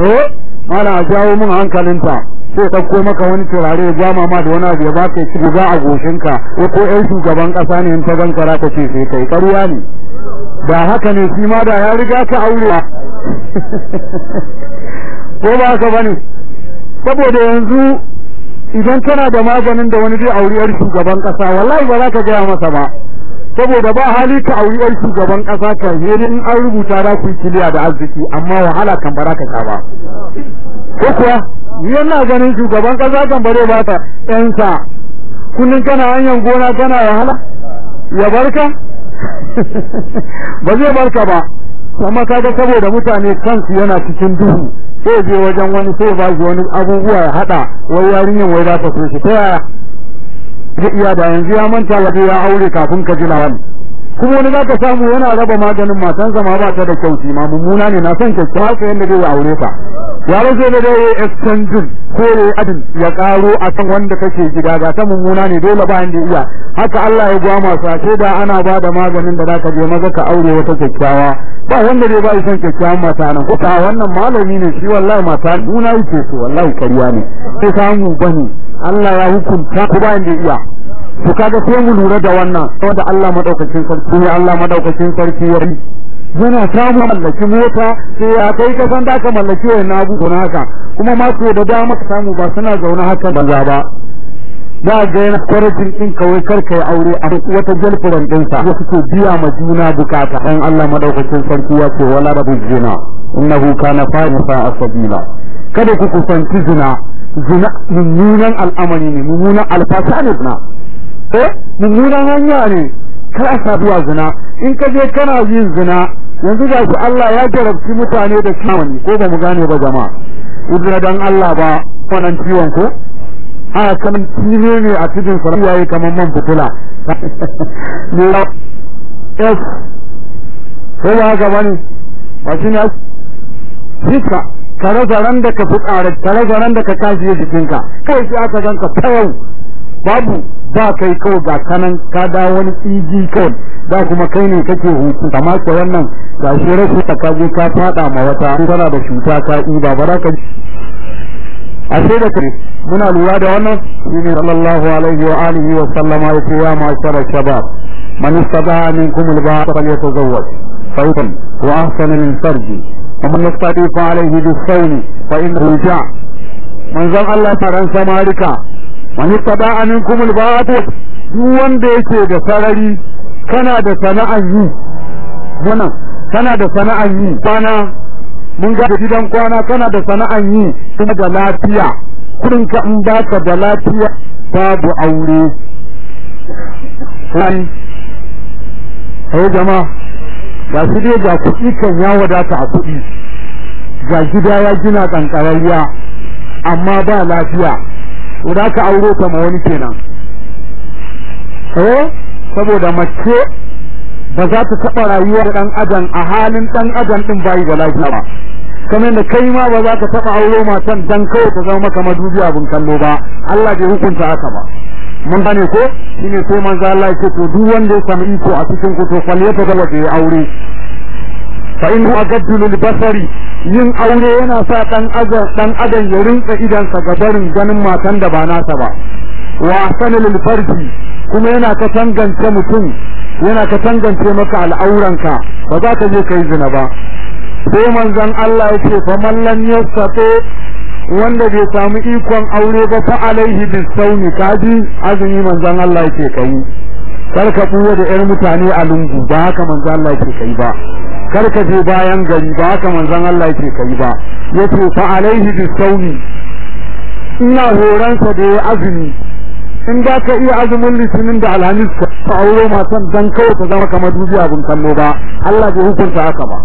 eh mala a jawo mun hankalinta sai ko maka wani turare ya gwama ma da wani abu ya ba ka ci guga a goshinka ko ko ɗan shugaban ƙasa ne in ta ganka ra ka ce sai kai ƙarya ne Da haka ne shi ma da ya riga ka aure ko ba ka bane saboda yanzu idan kana da maganin da wani zai auriyar shugaban kasa wallahi ba za ka gaya masa ba saboda ba hali ka auriyar shugaban kasa ka heri in an rubuta za ku yi kiliya da arziki amma wahala kan bara ka ba ko kuwa yana ganin shugaban kasa kan bare ba ta ɗansa kullum kana hanyar gona kana wahala ya barka ba zai barka ba kuma kaga saboda mutane kansu yana cikin duhu sai je wajen wani sai ba shi wani abubuwa ya hada wai yarinyar wai za ta so shi ta yaya iya da yanzu ya manta wato ya aure kafin ka ji lawan kuma wani zaka samu yana raba maganin matansa zama ba ta da kyau ma mummuna ne na son kyakkyawar haka yadda zai aure ka ya rage da dai extended yi adin ya karo kan wanda kake gida ga ta mummuna ne dole ba inda iya haka Allah ya gwa masu ake da ana ba da maganin da zaka je maza ka aure wata kyakkyawa ba wanda zai ba shi son kyakkyawan mata nan ko ta wannan malami ne shi wallahi mata duna yake so wallahi kariya ne sai samu bane Allah ya hukunta ku ba inda iya to kaga sai mu lura da wannan saboda Allah madaukakin sarki ne Allah madaukakin sarki ya yana samu mallaki mota sai ya kai ka san da ka mallaki na abu na haka kuma ma ko da dama ka samu ba suna zaune haka banza ba da ga yana kwarajin din kawai karka ya aure a duk wata jalfuran din sa ya suke biya ma juna bukata dan Allah madaukakin sarki ya ce wala rabu jina innahu kana fa'isa asbila kada ku kusanci zina zina mummunan al'amari ne mummunan alfasa ne ko eh? mummunan hanya ne kar a saduwa zina in ka je kana yin zina yanzu ga ku Allah ya jarabci mutane da ciwon ko ba mu gane ba jama'a idan dan Allah ba wannan ciwon ko a kan tire ne a cikin sarwa yayi kaman man fitila ne es ko ba ga bani ba shi ne hika kare garan da ka fitsara kare garan da ka kashi jikinka kai sai aka ganka fayau babu ba kai kawai ga kanan ka da wani EG code da kuma kai ne kake hutu amma ko wannan ga shi rashi ka je ka fada ma wata kana da shuta ka iba ba baraka a sai da kai muna lura da wannan shine sallallahu alaihi wa alihi wa sallama ya ce ya ma'ashara shabab man istata minkum al-ba'a falyatazawwaj fawqan wa farji amma farj ومن يستطيع فعليه بالصوم فإنه جاء من ذا الله فرنسا مالكا wani tada anin kumul ba'atu duk wanda yake da sarari kana da sana'ar yi wannan kana da sana'ar yi kwana mun ga gidan kwana kana da sana'ar yi kuma da lafiya kudin ka in ka da lafiya babu aure sai sai jama'a ga su dai ga kuɗi kan ya wadata a kuɗi ga gida ya gina kankararriya amma ba lafiya to da ka auro ta ma wani kenan eh saboda mace ba za ta taɓa rayuwar ɗan adam a halin ɗan adam ɗin bayi da lafiya ba kamar da kai ma ba za ka taɓa auro matan dan kawai ta zama maka madubi abin kallo ba Allah bai hukunta haka ba mun bane ko shine sai manzo Allah ya ce to duk wanda ya samu iko a cikin ku to falyata da waje aure fa in huwa gaddul basari yin aure yana sa dan adam dan adam ya rinka sa ga barin ganin matan da ba nasa ba wa sanal farji kuma yana ka tangance mutum yana ka tangance maka al'auranka ba za ka je kai zina ba sai manzon Allah yake fa man lam wanda bai samu ikon aure ba fa alaihi bisawmi kaji azumi manzon Allah yake kai kar ka buwa da 'yar mutane a lungu ba haka manzon Allah yake kai ba kar ka je bayan gari ba haka manzon Allah yake kai ba yato fa alaihi bisawmi ina horan sa da azumi in ba ka iya azumin litinin da alhamis ka auro san dan kawai ta zama kamar dubi abin kallo ba Allah bai hukunta haka ba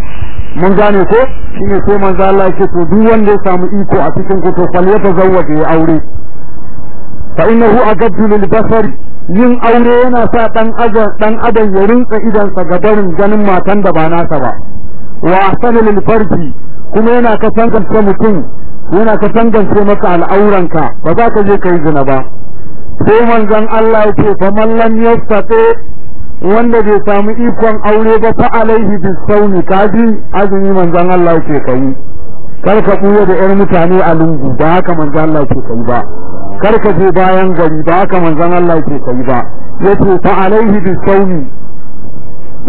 mun gane ko shine sai manzon Allah yake to duk wanda ya samu iko a cikin ku to fal ya tazawwaje aure fa innahu agaddu lil basar yin aure yana sa dan adam dan adam ya rinka idan sa gabarin ganin matan da ba nasa ba wa ahsanu lil farji kuma yana ka tangance mutum yana ka tangance maka al'auranka ba za ka je kai zina ba sai manzon Allah ya fa man lam yastati wanda bai samu ikon aure ba fa alaihi bisauni kaji azumi manzon Allah yake kai kar ka buya da ƴan mutane a lungu ba haka manzon Allah yake kai ba kar ka je bayan gari ba haka manzon Allah yake kai ba ce fa alaihi bi sawmi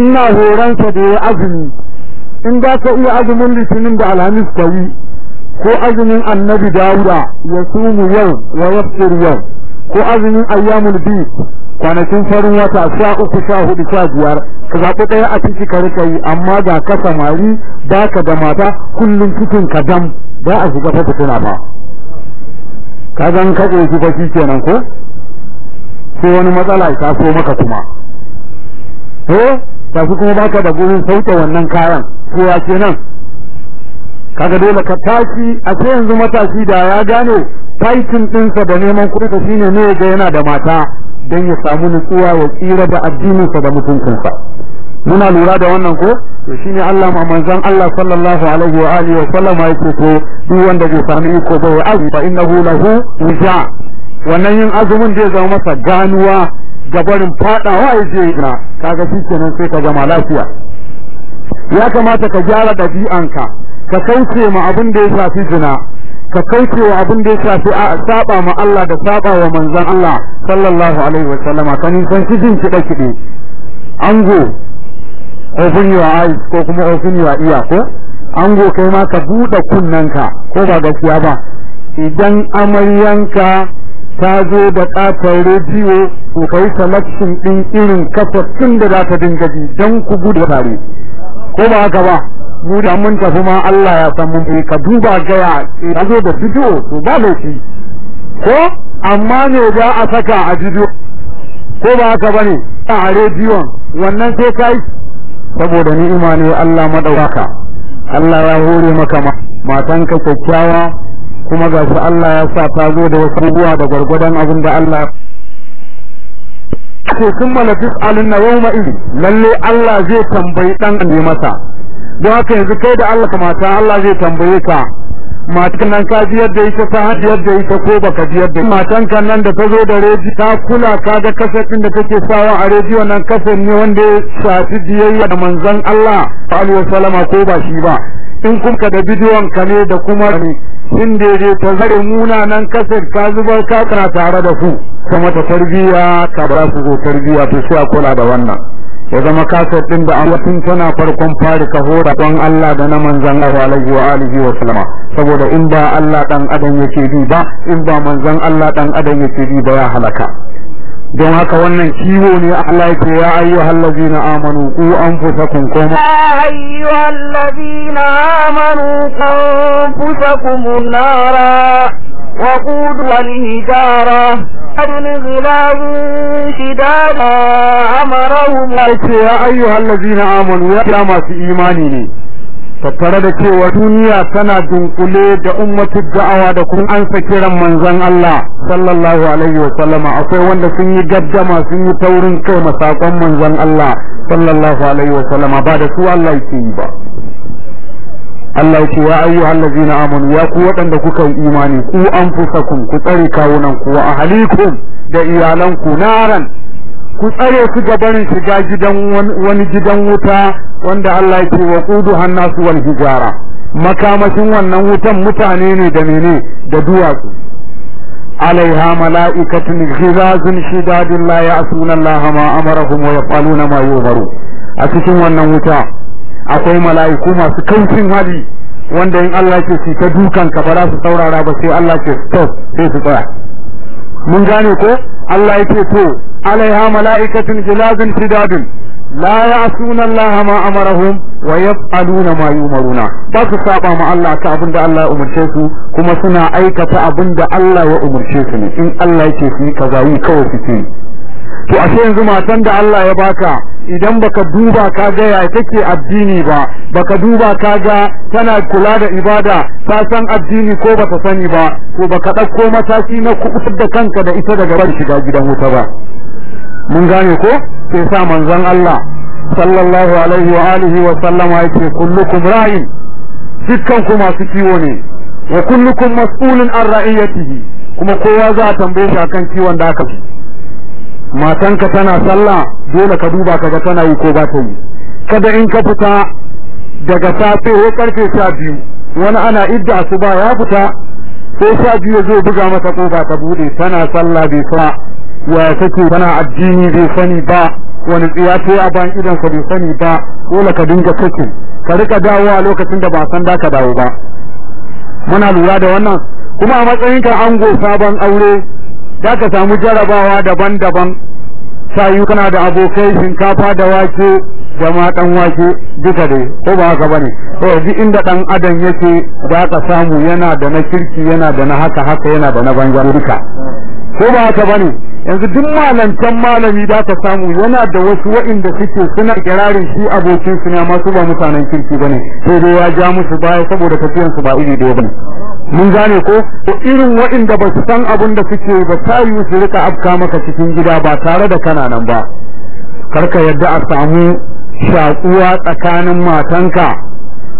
ina horan ka da azumi in da ka iya azumin litinin da alhamis kai ko azumin annabi Dawuda ya sumu yau wa yaftir yau ko azumin ayyamul bid kwanakin farin wata sha uku sha hudu sha biyar ka zaɓi ɗaya a ciki ka rika yi amma da ka samari ba ka da mata kullum cikin ka dam ba a shiga ta fitina ba ka gan ka ba shi kenan ko sai wani matsala ta so maka kuma ta tafi kuma baka da gurin sauke wannan kayan ko ya kenan kaga dole ka tashi a sai yanzu matashi da ya gane fighting ɗinsa da neman kuɗi ka shine ne ga yana da mata dan ya samu nutsuwa ya tsira da addininsa da mutuncinsa muna lura da wannan ko to shine Allah ma manzon Allah sallallahu alaihi wa alihi wa sallama yake ko duk wanda bai sami iko ba wa azu fa innahu lahu wija wannan yin azumin zai zama masa ganuwa ga barin fadawa ya je ina kaga shikenan sai ka zama lafiya ya kamata ka gyara dabi'anka ka kauce ma abin da ya shafi zina ka kauce wa abin da ya shafi a saba ma Allah da saba wa manzon Allah sallallahu alaihi wa sallama kan san kidin jin kide ango ofin yiwa ai ko kuma ofin yiwa iya ko go kai ma ka buɗe kunnanka ko ba gaskiya ba idan amaryanka ta zo da ƙatar rediyo ko kai selection ɗin irin tun da za ta dinga ji don ku gudu tare ko ba haka ba mu da mun tafi ma Allah ya san mun ka duba gaya ta zo da bidiyo to ba laifi ko amma ne za a saka a bidiyo ko ba haka bane a rediyon wannan sai kai saboda ni'ima ne Allah madauka Allah ya hore maka matanka kyakkyawa kuma ga shi Allah ya sa ta zo da wasu ruwa da gwargwadon abin da Allah ce sun malafis alin na yau ma'i lalle Allah zai tambayi ɗan ne masa don haka yanzu kai da Allah kamata Allah zai tambaye ka matan nan ka ji da ita ta hadiyar da ita ko baka biyar da matan kan nan da tazo da reji ta kula ka kaga kasafin da take sawa a rediyo nan kasa ne wanda ya shafi biyayya da manzon Allah sallallahu alaihi wasallama ko ba shi ba in ka da bidiyon ka ne da kuma in daidai ta zare nan kasar ka zubar ka tare da ku kuma ta tarbiya ka ba su zo tarbiya to sai a kula da wannan ya zama kasar din da an watan tana farkon fari ka hora don Allah da na manzan Allah wa alihi wa sallama saboda in ba Allah dan adam yake bi ba in ba manzan Allah dan adam yake bi ba ya halaka don haka wannan kiwo ne Allah yake ya ayyuhal ladina amanu ku anfusakum kuma ayyuhal ladina amanu anfusakum nara وقود والهجارة أجل غلاب شدادا أمرهم يا أيها الذين آمنوا يا ما في إيماني tattare da cewa duniya tana dunƙule da ummatu da'awa da kuma an kiran manzon Allah sallallahu alaihi wa sallama akwai wanda sun yi gaddama sun yi taurin kai masakon manzon Allah sallallahu alaihi wa sallama ba da su Allah yi ba Allah yake ya ayyuhal ladzina amanu ya ku waɗanda kuka yi imani ku anfusakum ku tsare kawunan ku wa da iyalanku naran ku tsare su gabanin shiga gidan wani gidan wuta wanda Allah yake wa qudu hannasu wal hijara makamashin wannan wutan mutane ne da mene da duwatsu alaiha mala'ikatun ghizazun shiga la ya'suna Allah ma amarahum wa yaf'aluna ma yu'maru a cikin wannan wuta akwai mala'iku masu kaushin hali wanda in Allah ke su ta dukan ka ba za su saurara ba sai Allah ke stop sai su tsaya mun gane ko Allah yake to alaiha mala'ikatun gilazun tidadun la ya'suna Allah ma amarahum wa yaf'aluna ma yumaruna ba su saba ma Allah ta da Allah ya umarce su kuma suna aikata da Allah ya umarce su ne in Allah yake su yi kaza yi kawai su ce to ashe yanzu matan da Allah ya baka idan baka duba ka ga ya take addini ba baka duba ka ga tana kula da ibada ta san addini ko bata sani ba ko baka dauko mataki na kubutar da kanka da ita daga bar shiga gidan wuta ba mun gane ko sai sa manzon Allah sallallahu alaihi wa alihi wa sallama yake kullukum ra'in dukkan ku masu kiwo ne wa kullukum mas'ulun an ra'iyatihi kuma kowa za a tambaye shi akan kiwon da aka fi matanka tana sallah dole ka duba kaga tana yi ko ba ta yi kada in ka fita daga safe ko karfe biyu wani ana idda su ba ya fita sai sha biyu zai buga mata kofa ta bude tana sallah bai sa wa take tana addini bai sani ba wani tsiya a bayan idan ka bai sani ba dole ka dinga kake ka rika dawo a lokacin da ba san da ka dawo ba muna lura da wannan kuma a matsayin ka ango sabon aure za ka samu jarabawa daban-daban sayu kana da abokai shinkafa da wake da ma dan wake duka dai ko ba haka bane to duk inda dan adam yake za ka samu yana da na kirki yana da na haka haka yana da na banza duka ko ba haka bane yanzu duk malantan malami da ka samu yana da wasu wa'inda suke suna kirarin shi abokin su ne amma su ba mutanen kirki bane sai dai ya ja musu baya saboda tafiyan su ba iri da bane mun gane ko ko irin waɗanda ba su san abin da suke ba ta yi su rika afka maka cikin gida ba tare da kana nan ba karka yadda a samu shakuwa tsakanin matanka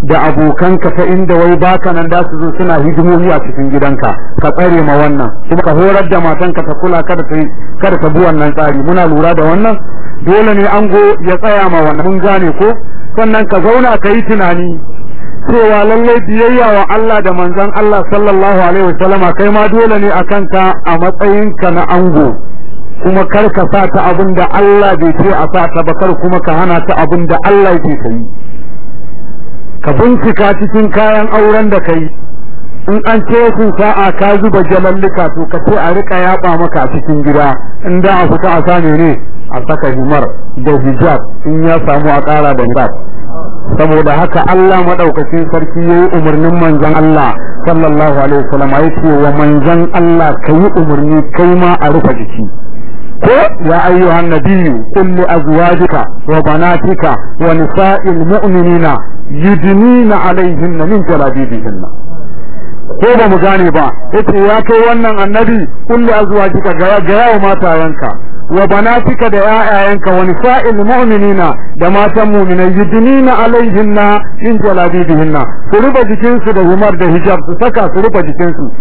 da abokanka ta inda wai baka nan da su zo suna hidimomi a cikin gidanka ka tsare ma wannan kuma ka horar da matanka ta kula kada ta kada ta bi wannan tsari muna lura da wannan dole ne ango ya tsaya ma wannan mun gane ko sannan ka zauna ka yi tunani cewa lallai biyayya wa Allah da manzon Allah sallallahu alaihi wa sallama kai ma dole ne akan ka a matsayinka na ango kuma kar ka sa ta abin da Allah bai ce a sa ta ba kar kuma ka hana ta abin da Allah yake yi, ka bincika cikin kayan auren da kai in an ce sun sa'a ka zuba jamallika to ka ce a rika yaba maka a cikin gida in da a fita a sa ne a saka himar da hijab in ya samu a ƙara da hijab saboda haka Allah madaukakin sarki yayi umarnin manzon Allah sallallahu alaihi wasallam ce wa manzon Allah kai umarni kai ma a rufe jiki ko ya ayyuhan nabiyyu qul li azwajika wa banatika wa nisa'il mu'minina yudnina alaihinna min jalabibihinna ko ba mu gane ba yace ya kai wannan annabi qul li azwajika ga ga yanka. wa banatika da ƴaƴayenka wa nisa'il mu'minina da matan mu'minai yudnina alaihinna min jalabibihinna su rufe jikinsu da humar da hijab su saka su rufe jikinsu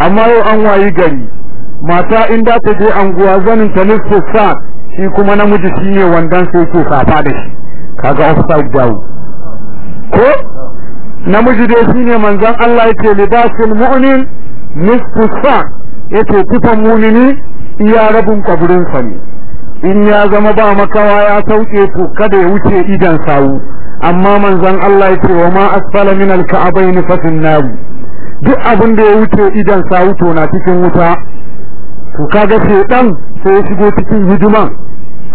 amma yau an wayi gari mata in da ta je anguwa zanin ta nisfu sa shi kuma namiji shine wandan sai ke safa da shi kaga offside down ko namiji dai shine manzon Allah yake libasul mu'min nisfu sa yake tufan mu'mini iya rabin kwaburinsa ne in ya zama ba makawa ya sauke to kada ya wuce idan sawu amma manzon Allah yace wa ma asfala min alka'abain fa fin nar duk abin da ya wuce idan sawu to na cikin wuta to kaga shedan sai ya shigo cikin hidiman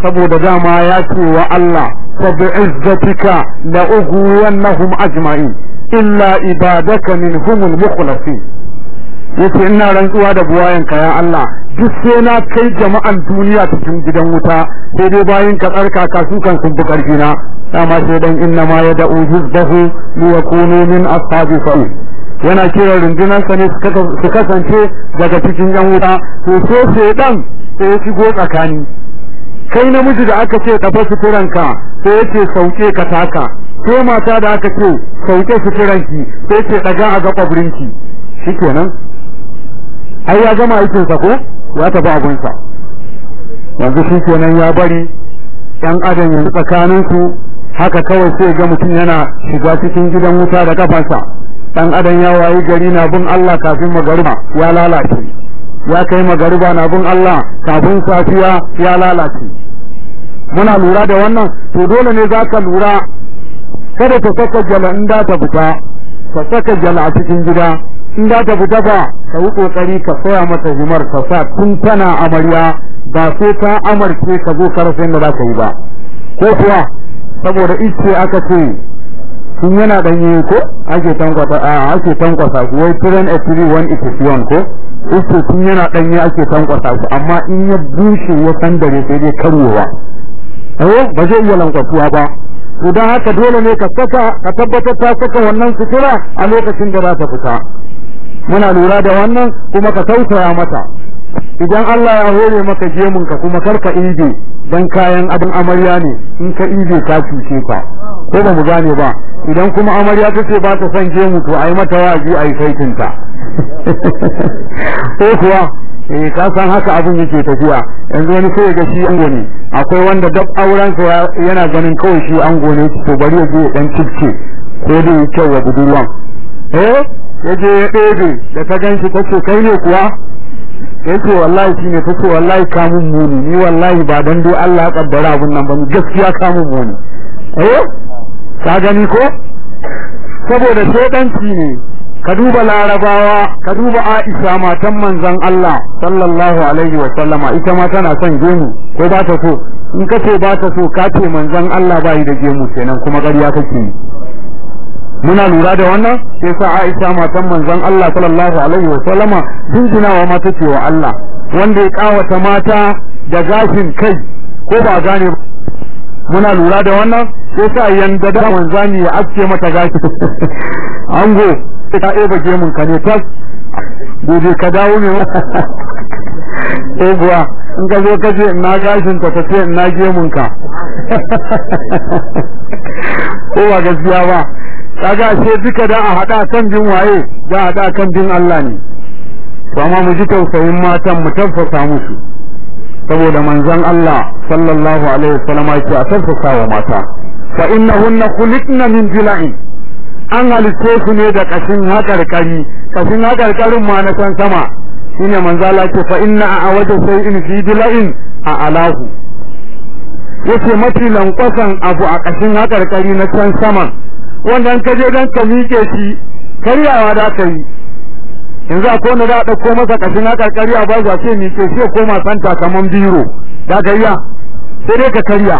saboda dama ya ce wa Allah fa bi izzatika la ughwiyannahum ajma'in illa ibadaka minhum al-mukhlasin yace ina rantsuwa da buwayen kayan Allah duk sai na kai jama'an duniya cikin gidan wuta sai dai bayin ka tsarka ka su kan sun bukarfi na dama sai dan inna ma ya yad'u hizbahu li yakunu min ashabi fa yana kira rundunar sa ne su kasance daga cikin yan wuta to so sai dan sai ya shigo tsakani kai namiji da aka ce tafi suturanka sai ce sauke ka taka sai mata da aka ce sauke suturanki sai ce daga a ga kwabrinki shikenan ai ya gama aikinsa ko ya tafi sa yanzu shi kenan ya bari yan adam yanzu su haka kawai sai ga mutum yana shiga cikin gidan wuta da kafansa dan adam ya wayi gari na bin Allah kafin magariba ya lalace ya kai magariba na bin Allah kafin safiya ya lalace muna lura da wannan to dole ne za ka lura kada ta saka jala in da ta fita ta saka jala a cikin gida inda za ta fita ba ka yi kokari ka soya mata gumar ka sa tun tana amarya ba sai ka amarce ka zo karfin da za ka yi ba ko kuwa saboda ice aka ce tun yana yi ko ake tankwasa a ake tankwasa ku wai turan a tiri wani ikusiyon ko ice tun yana danye ake tankwasa ku amma in ya bushe wasan da sai dai karyewa eh ba zai iya lankwasuwa ba to don haka dole ne ka saka ka tabbatar ta saka wannan sutura a lokacin da za ta fita muna lura da wannan kuma ka tausaya mata idan Allah ya hore maka ka kuma karka inje dan kayan abin amarya ne in ka inje ka cuce ka ko ba mu gane ba idan kuma amarya ta ce ba ta son gemu to ai mata wazi ai ta ko kuwa eh ka san haka abin yake tafiya yanzu wani sai ga shi ango ne akwai wanda duk auren sa yana ganin kawai shi ango ne to bari ya je dan cicce ko dai ya wa budurwan eh ya je ya ɗebe da ta ganshi ta ce kai ne kuwa ya ce wallahi shi ne ta ce wallahi kamun muni ni wallahi ba dan do Allah ya kaddara abun nan ba ni gaskiya kamun muni eh ka gani ko saboda shedanci ne ka duba larabawa ka duba Aisha matan manzon Allah sallallahu alaihi wa sallama ita ma tana son gemu ko ba ta so in ka ce ba ta so ka ce manzon Allah bai da gemu kenan kuma ƙarya kake yi muna lura da wannan sai sa Aisha matan manzon Allah sallallahu alaihi wa sallama wa mata ce wa Allah wanda ya kawata mata da gashin kai ko ba gane muna lura da wannan sai sa yanda da manzani ya aske mata gashi ango ta eba gemun ka ne tas gobe ka dawo ne ebuwa in ka zo ka ce na gashin ka ta ce na gemun ka ko ba gaskiya ba kaga ashe duka da a hada kan bin waye da a hada kan bin Allah ne to amma mu ji tausayin matan mu tafasa musu saboda manzon Allah sallallahu alaihi wasallam yake a tafasa wa mata fa innahunna khuliqna min jila'in an halitte su ne da kashin hakarkari kashin hakarkarin ma na san sama shine manzon Allah yake fa inna awaja shay'in fi jila'in a alahu yace mafi lankwasan abu a kashin hakarkari na can sama. wannan ka je dan ka miƙe shi karyawa da ka yi yanzu akwai wanda za a ɗauko masa kashin na karya ba za ce miƙe shi ya koma santa kaman biro da ka iya sai dai ka karya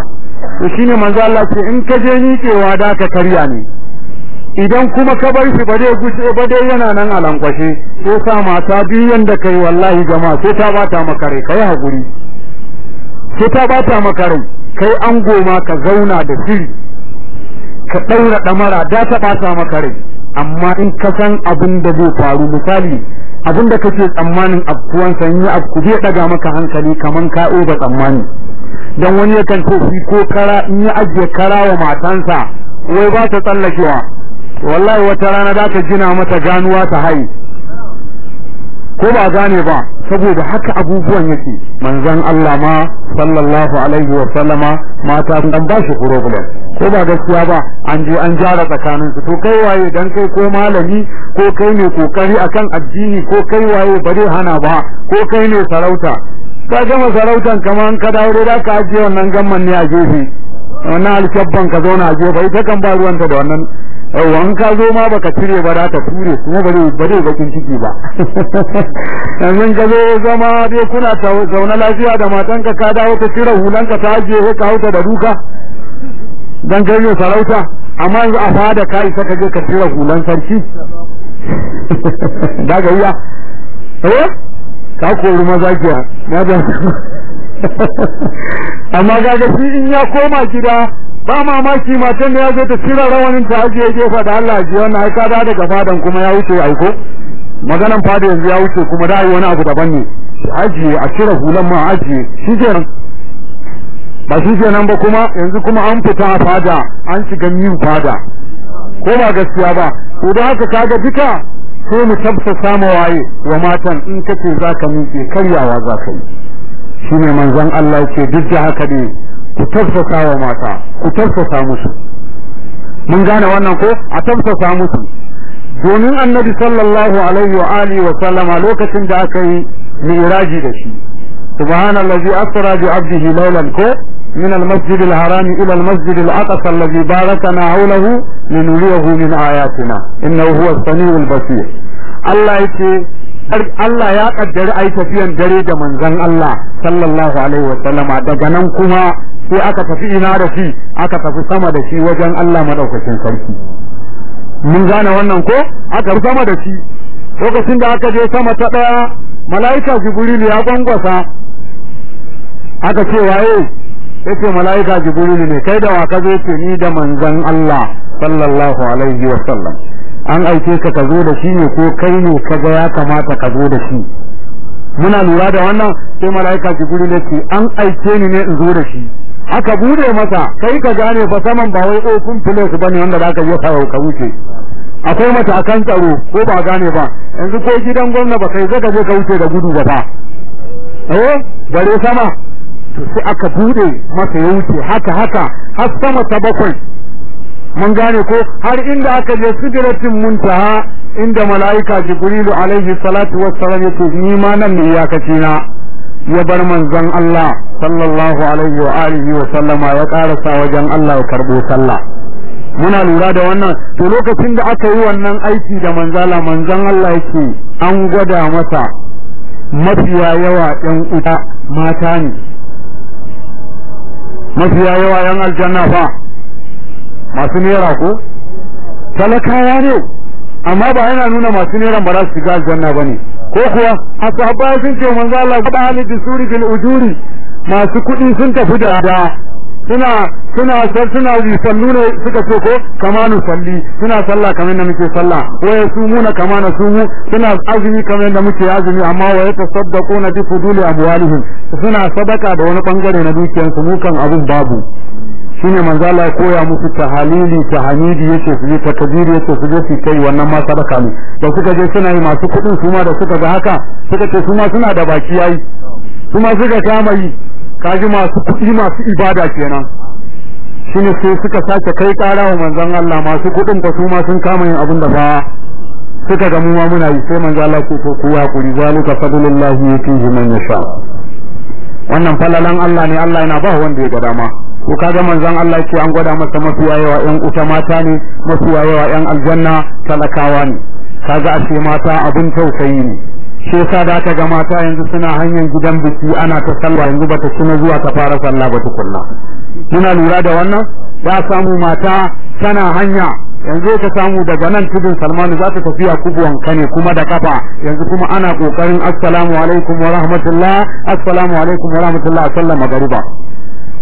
to shine manzo Allah ce in ka je miƙewa da ka karya ne idan kuma ka bar shi ba dai gushe ba dai yana nan a lankwashe ko sa mata biyan da kai wallahi jama'a sai ta bata maka rai kai hakuri sai ta bata maka rai kai an goma ka zauna da shiri ka ɗaura ɗamara da ta ɓata maka rai amma in ka san abin da zai faru misali abin da kake tsammanin afkuwan sanyi afku zai ɗaga maka hankali kaman ka ba tsammani dan wani ya yakan tofi ko kara in ya ajiye kara wa matansa wai ba ta tsallakewa wallahi wata rana da ta gina mata ganuwa ta haye ko ba gane ba saboda haka abubuwan yake manzon Allah ma sallallahu alaihi wa sallama mata sun ba shi problem ko ba gaskiya ba an je an jara tsakanin su to kai waye dan kai ko malami ko kai ne kokari akan addini ko kai waye bare hana ba ko kai ne sarauta ka gama sarautan kaman ka dawo da ka ajiye wannan gamman ne a gefe wannan alkyabban ka zauna a gefe ita kan ba ruwanta da wannan yawa ka zo ma baka cire ba za ta ture kuma ba zai bakin ciki ba yanzu ka zo zama dai kuna zaune lafiya da matanka ka dawo ka cire hulanka ta ajiye ka hauta da duka dan ganye sarauta amma yanzu a fada ka isa ka je ka cire hulan sarki ga wuya eh ka kori maza na maza amma ga shi in ya koma gida ba mamaki matan da ya zo ta cira rawanin ta ajiye jefa da Allah ji wannan ai ka da daga fadan kuma ya wuce ai ko maganan fada yanzu ya wuce kuma da ai wani abu daban ne ajiye a cire hulan ma ajiye shi kenan ba shi nan ba kuma yanzu kuma an fita fada an shiga yin fada ko ba gaskiya ba to da haka kaga duka sai mu tabbata samu waye wa matan in kace zaka miƙe karyawa zaka yi shine manzon Allah yake duk da haka ne ku tausasa wa mata ku tausasa musu mun gane wannan ko a tausasa musu domin annabi sallallahu alaihi wa alihi wa sallama lokacin da aka yi mi'raji da shi subhanallazi asra bi abdihi laylan ko من المسجد الحرام إلى المسجد الأقصى الذي باركنا حوله لنريه من آياتنا إنه هو السميع البصير الله يتي Allah ya kaddari ai tafiyan dare da manzon Allah sallallahu alaihi wasallam daga nan kuma sai aka tafi ina da shi aka tafi sama da shi wajen Allah madaukakin sarki mun gane wannan ko aka tafi sama da shi lokacin da aka je sama ta daya malaika jibril ya gwangwasa aka ce waye yace malaika jibril ne kai da wa ka zo ce ni da manzon Allah sallallahu alaihi wasallam an aike ka ka zo da shi ne ko kai ne ka ga ya kamata ka zo da shi muna lura da wannan sai mala'ika guri ne ki an aike ni ne in zo da shi aka bude masa kai ka gane fa saman ba wai open place bane wanda zaka yi fara ka wuce akwai mata akan tsaro ko ba gane ba yanzu ko gidan gwamna ba kai zaka je ka wuce da gudu ba fa eh bare sama to sai aka bude masa ya wuce haka haka har sama ta bakwai mun gane ko har inda aka je sidratin muntaha inda malaika jibrilu alaihi salatu wassalam yake ni ma nan ne iyakaci na ya bar manzon Allah sallallahu alaihi wa alihi wa sallama ya karasa wajen Allah ya karbo sallah muna lura da wannan to lokacin da aka yi wannan aiki da manzala manzon Allah yake an gwada masa mafiya yawa yan uta mata ne mafiya yawa yan aljanna fa masu nera ko talakawa ne amma ba yana nuna masu nera ba za su shiga aljanna bane ko kuwa ashabba sun ce manzo Allah ba halin suri bil ujuri masu kuɗi sun tafi da da suna suna suna sallu ne suka ce ko kamanu salli suna sallah kamar da muke sallah wa yasumuna kama na sumu suna azumi kamar da muke azumi amma wa yatasaddaquna bi fuduli amwalihim suna sadaka da wani bangare na dukiyar su mu abun babu shine manzo Allah ya koya musu tahalili tahmidi yake su ta takbir yake su je su kai wannan ma sadaka ne da suka je suna yi masu kudin su ma da suka ga haka suka ce su ma suna da baki yayi su ma suka kama yi kaji masu kudi masu ibada kenan shine sai suka sake kai ƙara wa manzon Allah masu kudin ko su ma sun kama yin abin da ba suka ga mu ma muna yi sai manzo Allah ko ko ku hakuri zalika fadlullahi yatihi man yasha wannan falalan Allah ne Allah yana ba wanda ya ga dama ko kaga manzon Allah ce an gwada masa masuwa yawa ƴan uta mata ne masuwa yawa ƴan aljanna talakawa ne kaga ashe mata abin tausayi ne shi yasa da ta ga mata yanzu suna hanyar gidan biki ana ta sallah yanzu bata kuma zuwa ta fara sallah ba tukunna kina lura da wannan ya samu mata tana hanya yanzu ka samu daga nan tudun salmanu za ta tafiya kubuwan kane kuma da kafa yanzu kuma ana kokarin assalamu alaikum wa rahmatullah assalamu alaikum wa rahmatullah sallan magaruba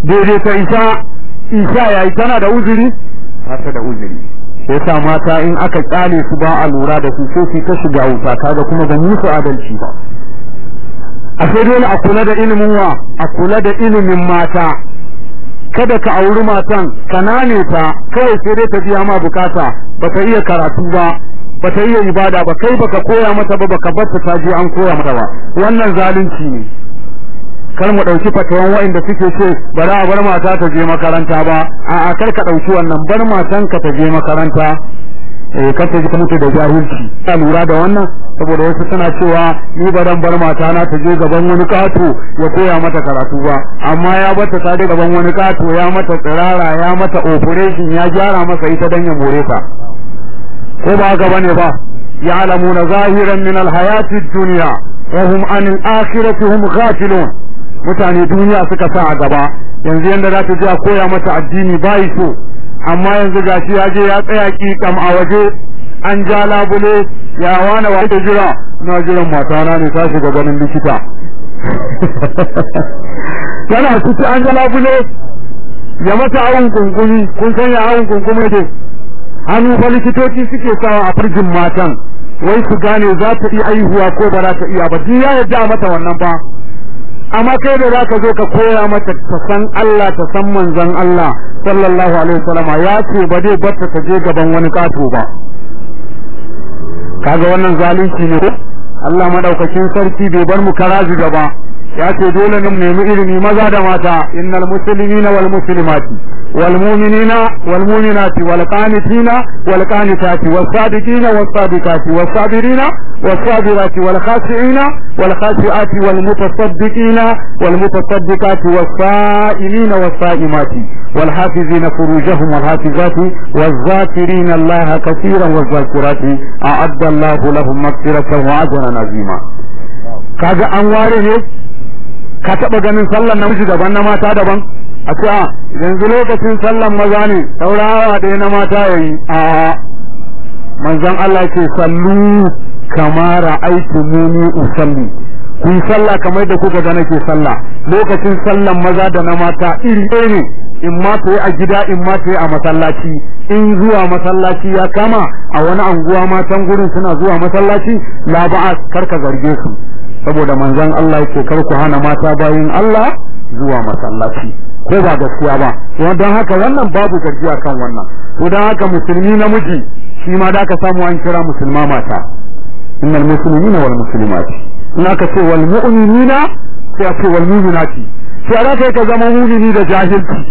daidai ta isa ya yi tana da uzuri ta da uzuri yasa mata in aka tsale su ba a lura da su sai ta shiga wuta kaga kuma ba musu adalci ba a sai dole a kula da ilimin wa a kula da ilimin mata kada ka auri matan ka nane ta kawai sai dai ta biya ma bukata ta iya karatu ba ba ta iya ibada ba kai baka koya mata ba baka bar ta ta je an koya mata ba wannan zalunci ne kar mu dauki fatawan waɗanda suke ce bara a bar mata ta je makaranta ba a'a kar ka dauki wannan bar matan ka ta je makaranta eh ji ta mutu da jahilci ta lura da wannan saboda wasu suna cewa ni ba dan bar mata na ta je gaban wani kato ya koya mata karatu ba amma ya bata ta je gaban wani kato ya mata tsirara ya mata operation ya gyara masa ita dan ya more ta ko ba haka bane ba ya'lamuna zahiran min alhayati ad-dunya wa hum an al-akhirati hum ghafilun mutane duniya suka sa a gaba yanzu yanda za ta je a koya mata addini bai so amma yanzu shi ya je ya tsaya kikam a waje an ja labule ya wani wa ta jira na jiran matana ne ta shiga ganin likita su cikin an ja labule ya mata awun kunkumi kun san ya awun kunkumi ne hannu fa likitoci suke sawa a farjin matan wai su gane za ta iya aihuwa ko ba za ta iya ba duk ya yarda mata wannan ba amma kai da zaka zo ka koya mata ta san Allah ta san manzon Allah sallallahu alaihi wasallam ya ce ba dai barta ta je gaban wani kato ba kaga wannan zalunci ne Allah madaukakin sarki bai bar mu karaji gaba ya ce dole ne mu nemi ilimi maza da mata innal muslimina wal muslimati wal mu'minina wal mu'minati wal qanitina wal qanitati was sadiqina was sadiqati was sabirina was sabirati wal khashi'ina wal khashi'ati wal mutasaddiqina wal mutasaddiqati was sa'imina was sa'imati wal hafizina furujahum wal hafizati wal zakirina Allah kaseeran wal zakirati a'adda Allah lahum maghfiratan wa ajran azima kaga an ware ka taɓa ganin sallan namiji daban na mata daban a ce ah, yanzu lokacin sallan maza ne saurawa ɗaya na mata yayi a manzan Allah ke sallu aiki muni usalli ku yi sallah kamar da kuka ga nake salla lokacin sallan maza da na mata iri ɗaya ne in ma ta yi a gida in ma ta yi a masallaci in zuwa masallaci ya kama a wani anguwa matan gurin suna zuwa masallaci la ba'a karka zarge su saboda manzan Allah ce kar ku hana mata bayin Allah zuwa masallaci ko ba gaskiya ba to don haka wannan babu gajiya kan wannan to don haka musulmi namiji shi ma da aka samu an kira musulma mata innal muslimina wal muslimat in aka ce wal mu'minina sai a ce wal mu'minati sai aka ka zama mu'mini da jahilci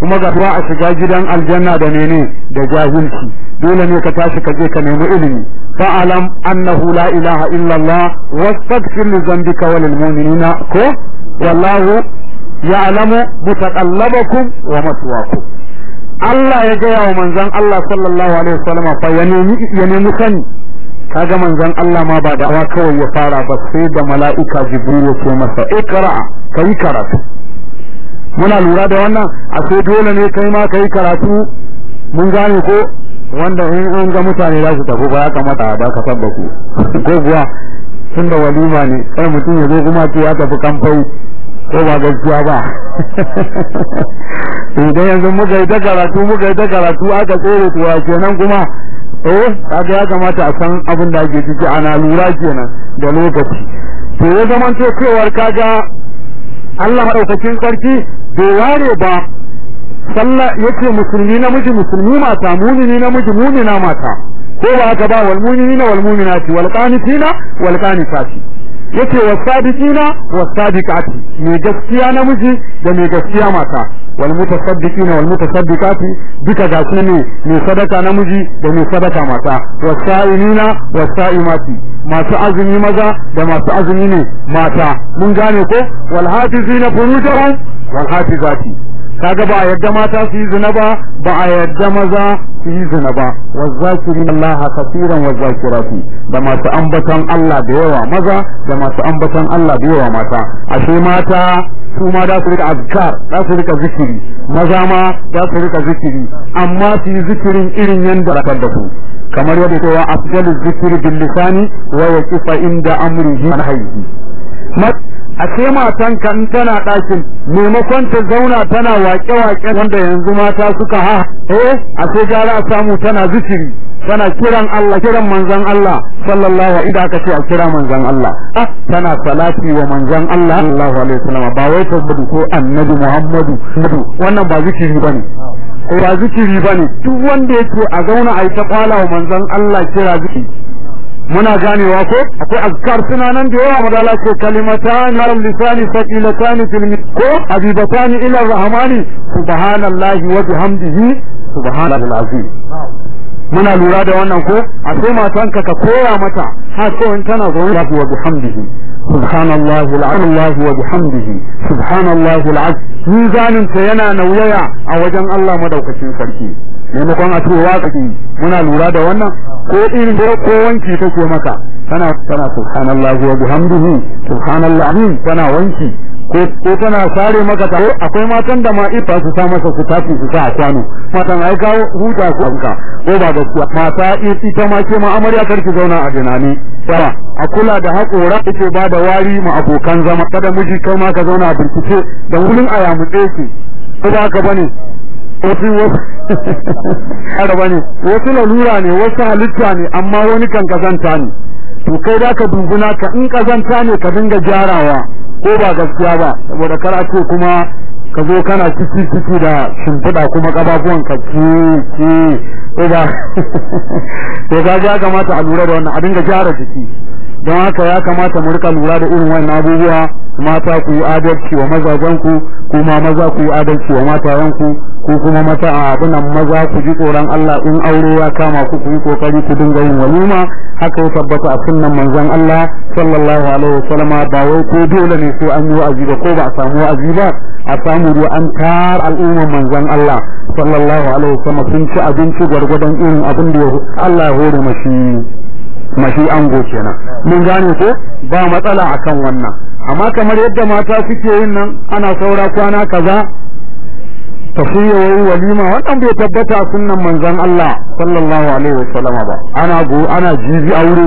kuma ga ruwa a shiga gidan aljanna da mene da jahilci dole ne ka tashi ka je ka nemi ilimi fa'alam annahu la ilaha illa Allah wastaghfir li dhanbika wa lil mu'minina ko wallahu ya'lamu mutaqallabakum wa maswaakum Allah ya gaya wa manzon Allah sallallahu alaihi wasallam fa ya nemi ya nemi sani kaga manzon Allah ma ba da'awa kawai ya fara ba sai da mala'ika jibril ya ce masa ikra kai karatu muna lura da wannan a sai dole ne kai ma kai karatu mun gane ko wanda in an ga mutane za su tafi ba ya kamata a ba baka ku ko kuwa tun da walima ne kai mutum ya zo kuma ce ya tafi kamfai ko ba gaskiya ba idan yanzu muka yi ta karatu muka yi ta karatu aka tsere kuwa kenan kuma eh kaga ya kamata a san abin da ake ciki ana lura kenan da lokaci to ya zama to cewar kaga Allah madaukakin sarki bai ware ba sallah yake musulmi na miji musulmi mata mu'mini namiji mu'mina mata ko ba ka ba wal mu'minina wal mu'minati wal qanitina wal qanitati yace wa wasabiqati mai gaskiya na miji da mai gaskiya mata wal mutasaddiqina wal mutasaddiqati duka ga su ne mai sadaka miji da mai sadaka mata wa sa'imati masu azumi maza da masu azumi ne mata mun gane ko wal hafizina furujahum wal hafizati kaga ba yadda mata su yi zina ba ba a yadda maza su yi zina ba wazakirin Allah kafiran wazakirati da masu ambatan Allah da yawa maza da masu ambatan Allah da yawa mata ashe mata su ma da su rika azkar da su rika zikiri maza ma za su rika zikiri amma su yi zikirin irin yadda a da ku kamar yadda cewa afdalu zikiri bil lisani wa yaqifa inda amrihi an haifi. a ce matan kan tana ɗakin maimakon ta zauna tana waƙe-waƙe wanda yanzu mata suka ha eh a ce gara a samu tana zikiri tana kiran Allah kiran manzon Allah sallallahu alaihi aka ce a kira manzon Allah ah, tana salati wa manzon Allah sallallahu alaihi wasallam ba wai ta ko annabi Muhammadu wannan ba zikiri bane ba zikiri bane duk wanda yake a zauna a yi ta kwala wa manzon Allah kira zikiri muna ganewa ko akwai azkar suna nan da yawa madala ko kalimatan al lisani saqilatan fil ko habibatan ila rahmani subhanallahi wa bihamdihi subhanallahi alazim muna lura da wannan ko a sai matanka ka koya mata har ko in tana zo ya wa bihamdihi subhanallahi alazim wa bihamdihi subhanallahi alazim mizanin ta yana nauyaya a wajen Allah madaukakin sarki maimakon a cewa waka ki muna lura da wannan ko irin da ko wanki take maka kana kana subhanallahi wa bihamdihi subhanallahi kana wanki ko ko kana sare maka ta akwai matan da ma ifa su sa masa su tafi su sa a kwano matan ai kawo huta ku anka ko ba gaskiya mata ita ma ke ma amarya karki zauna a jinani fara a kula da hakora take ba da wari ma abokan zama kada miji kai ma ka zauna a bincike da wurin a yamutse ki ko ba ka bane wasu lalura ne wasu halitta ne amma wani kan kazanta ne to kai da ka dubuna ka in kazanta ne ka dinga gyarawa ko ba gaskiya ba saboda kar a ce kuma ka zo kana ciki ciki da shimfiɗa kuma ƙafafuwan ka ke ke ko ba to ga ya kamata a lura da wannan a dinga gyara jiki don haka ya kamata mu rika lura da irin wannan abubuwa mata ku yi adalci wa mazajenku kuma maza ku yi adalci wa matayenku ku kuma mata a nan maza ku ji tsoron Allah in aure ya kama ku ku yi kokari ku dinga yin walima haka ya tabbata a sunnan manzon Allah sallallahu alaihi wasallam ba wai ko dole ne sai an yi wa'azi ba ko ba a samu wa'azi ba a samu ruwa an tar al'ummar manzon Allah sallallahu alaihi wasallam sun ci abinci gwargwadon irin abin da Allah ya hore mashi mashi an goce na. mun gane ko ba matsala akan wannan amma kamar yadda mata suke yin nan ana saura kwana kaza tafiya wa walima wannan bai tabbata sunnan manzon Allah sallallahu alaihi wasallam ba ana go ana jiji aure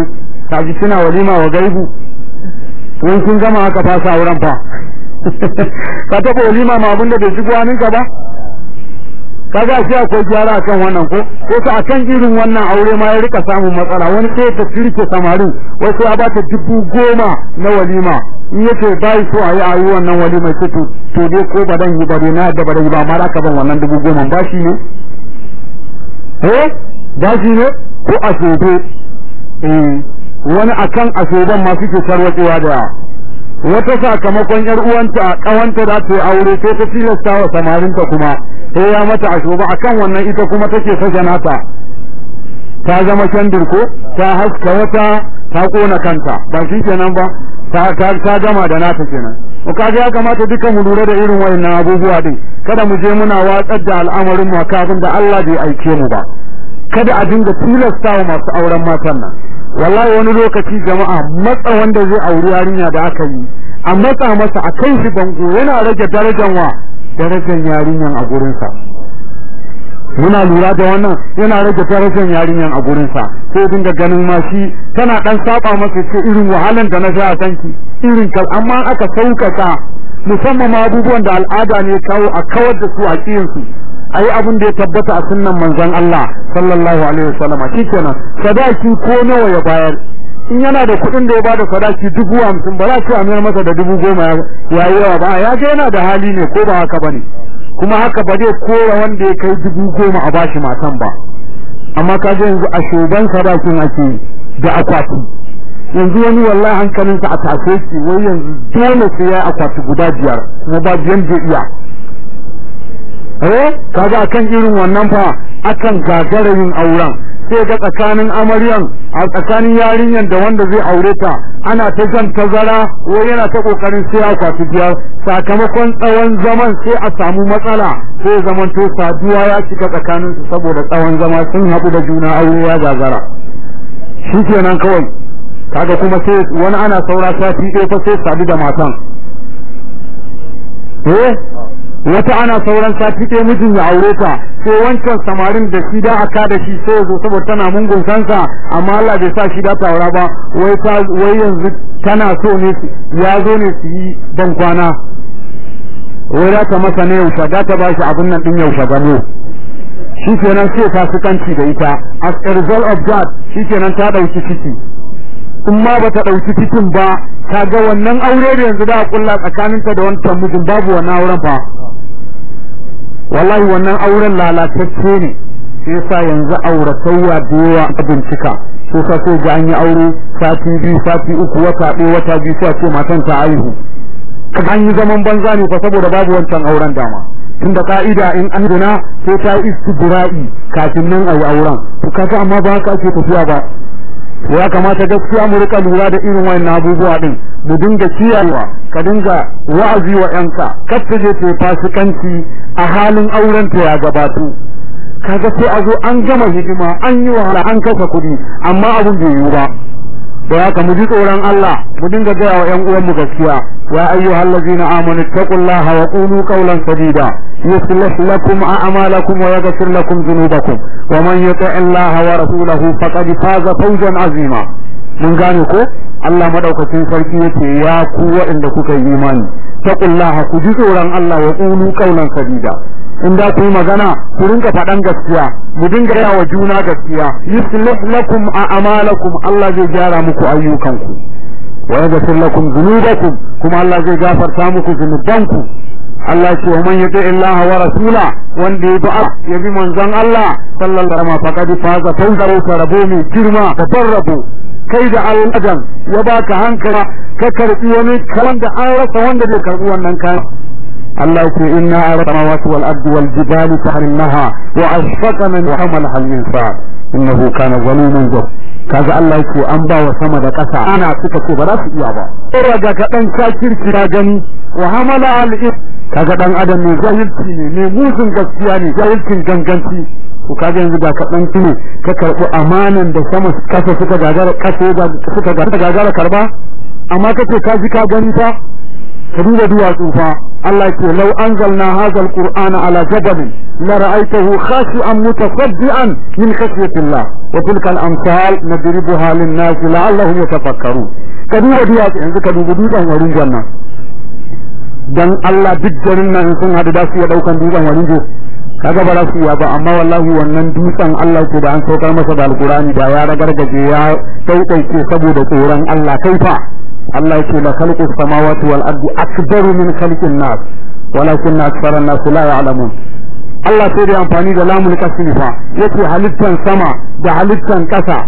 ji suna walima wa gaibu wai kun gama aka fasa auren fa ka taɓa walima ma abinda bai shigo hannunka ba ka kaga shi akwai gyara akan wannan ko ko a akan irin wannan aure ma ya rika samun matsala wani sai ta cirke samarin wai sai a ba ta dubu goma na walima in ba bai so a a ayi wannan walima ce to to dai ko ba dan yi ba dai na da ba dai ba mara ka ban wannan dubu goma ba shi ne ko eh? ba shi ne ko a sobe eh wani akan a shoban ma suke tarwatsewa da wata sakamakon yar uwanta kawanta da ta aure sai ta tilasta wa samarinta kuma sai ya mata ashoba akan wannan ita kuma take ta nata ta zama kandir ko ta haska wata ta kona kanta ba shi kenan ba ta ta gama da nata kenan to kaga ya kamata duka mu lura da irin wayannan abubuwa din kada mu je muna watsar da al'amarin mu kafin da Allah bai aike mu ba kada a dinga tilastawa masu auren matan nan wallahi wani lokaci jama'a matsa wanda zai auri yarinya da aka yi a matsa masa a kai shi bango yana rage darajan wa darajar yarinyan a gurinsa muna lura da wannan yana rage darajar yarinyan a gurinsa ko dinga ganin ma shi tana dan saba masa ce irin wahalan da na sha a irin kal amma aka ka musamman ma abubuwan da al'ada ne kawo a kawar da su a cikin su ayi abin da ya tabbata a sunnan manzon Allah sallallahu alaihi wasallam shikenan sadaki ko nawa ya bayar in yana da kuɗin da ya bada sadaki dubu hamsin ba za ki amina masa da dubu goma ya yi yawa ba ya ga yana da hali ne ko ba haka ba ne kuma haka ba zai kora wanda ya kai dubu goma a bashi matan ba amma ka ga yanzu a shoban sadakin ake da akwati yanzu wani wallahi hankalinsa a tashe shi wai yanzu dole sai ya akwati guda biyar kuma ba biyan zai iya eh kaga akan irin wannan fa akan gagarayin auren sai ga tsakanin amaryan a tsakanin yarinyan da wanda zai aure ta ana ta jan tazara ko yana ta kokarin sai ya tijiya sakamakon tsawon zaman sai a samu matsala sai zaman to saduwa ya cika tsakanin su saboda tsawon zama sun haɗu da juna aure ya gagara shikenan kawai kaga kuma sai wani ana saura sati ɗaya fa sai sadu da matan eh wata ana sauran sa ɗaya mijin ya aure ta ko wancan samarin da shi da aka da shi sai zo saboda tana mungun kansa amma Allah bai sa shi da taura ba wai ta wai yanzu tana so ne ya zo ne su yi ban kwana wai za ta masa ne yaushe da ta bashi abin nan din yaushe gano shi kenan sai ta kanci da ita as a result of that shi kenan ta ɗauki ciki in ma ba ta ɗauki cikin ba ta ga wannan aure da yanzu da a kulla tsakaninta da wancan mijin babu wannan auren fa wallahi wannan auren lalatacce ne shi yasa yanzu aure da a bincika ko ka so ga an yi aure sati biyu sati uku wata ɗaya wata biyu sai ko matan ta aihu kaga an yi zaman banza ne fa saboda babu wancan auren dama tun da ka'ida in an guna sai ta yi istibra'i kafin nan a yi auren to kaga amma ba haka ake tafiya ba ya kamata gaskiya mu rika lura da irin wayannan abubuwa din mu dinga kiyayewa ka dinga wa'azi wa yanka katta je ce fasikanci a halin auren ta ya gabatu kaga sai a zo an gama hidima an yi wahala an kasa kuɗi amma abun bai yiwu ba da haka mu ji tsoron Allah mu dinga gaya wa ƴan uwanmu gaskiya ya ayyuhal na amanu taqullaha wa qulu qawlan sadida yuslih lakum a'malakum wa yaghfir lakum dhunubakum wa man yuti' Allaha wa rasulahu faqad faza fawzan azima mun gane ko Allah madaukakin sarki yace ya ku waɗanda kuka yi imani taqullaha ku ji tsoron Allah wa qulu qawlan sadida in da ku magana ku rinka faɗan gaskiya mu dinga yawa wa juna gaskiya yuslih lakum a'malakum Allah zai gyara muku ayyukanku wa yaghfir lakum dhunubakum kuma Allah zai gafarta muku zunubanku Allah ce wa man yuti Allah wa rasula wanda ya bi ya manzon Allah sallallahu alaihi wasallam faqad faza fawza rabu mai girma tabarrabu kai da al'adan ya baka hankala ka karbi wani kalan da an rasa wanda bai karbi wannan kayan الله يكون إنا أرى السماوات والأرض والجبال تهرمها وأشفق من وحملها الإنسان إنه كان ظلوما جهولا kaga Allah ko an ba wa sama da ƙasa ana suka ko ba za su iya ba ira ga kadan ka kirkira gani wa hamala al kaga dan adam ne jahilci ne ne musun gaskiya ne jahilcin ganganci ko kaga yanzu ka kadan tuno ka karbi amanan da sama kasa suka gagara kaso ba suka gagara karba amma kace ka ji ka gani fa ka duba duwatsu fa Allah ke lau anzalna hadha alqur'ana ala jabalin la ra'aytahu khashi'an mutasaddian min khashyatillah wa tilka al-amsal nadribuha lin-nas la'allahum yatafakkarun ka duba duwatsu yanzu ka duba dutsen warin janna dan Allah duk garin nan sun hadu da su ya daukan dutsen warin jo kaga ba su ya ba amma wallahi wannan dutsen Allah ko da an saukar masa da alqur'ani da ya ragargaje ya dauke saboda tsoron Allah kai fa Allah yake la khalqu samawati wal ardi akbaru min khalqin nas walakin akthara an-nas la ya'lamun Allah sai da amfani da lamul kasmi fa yake halittan sama da halittan kasa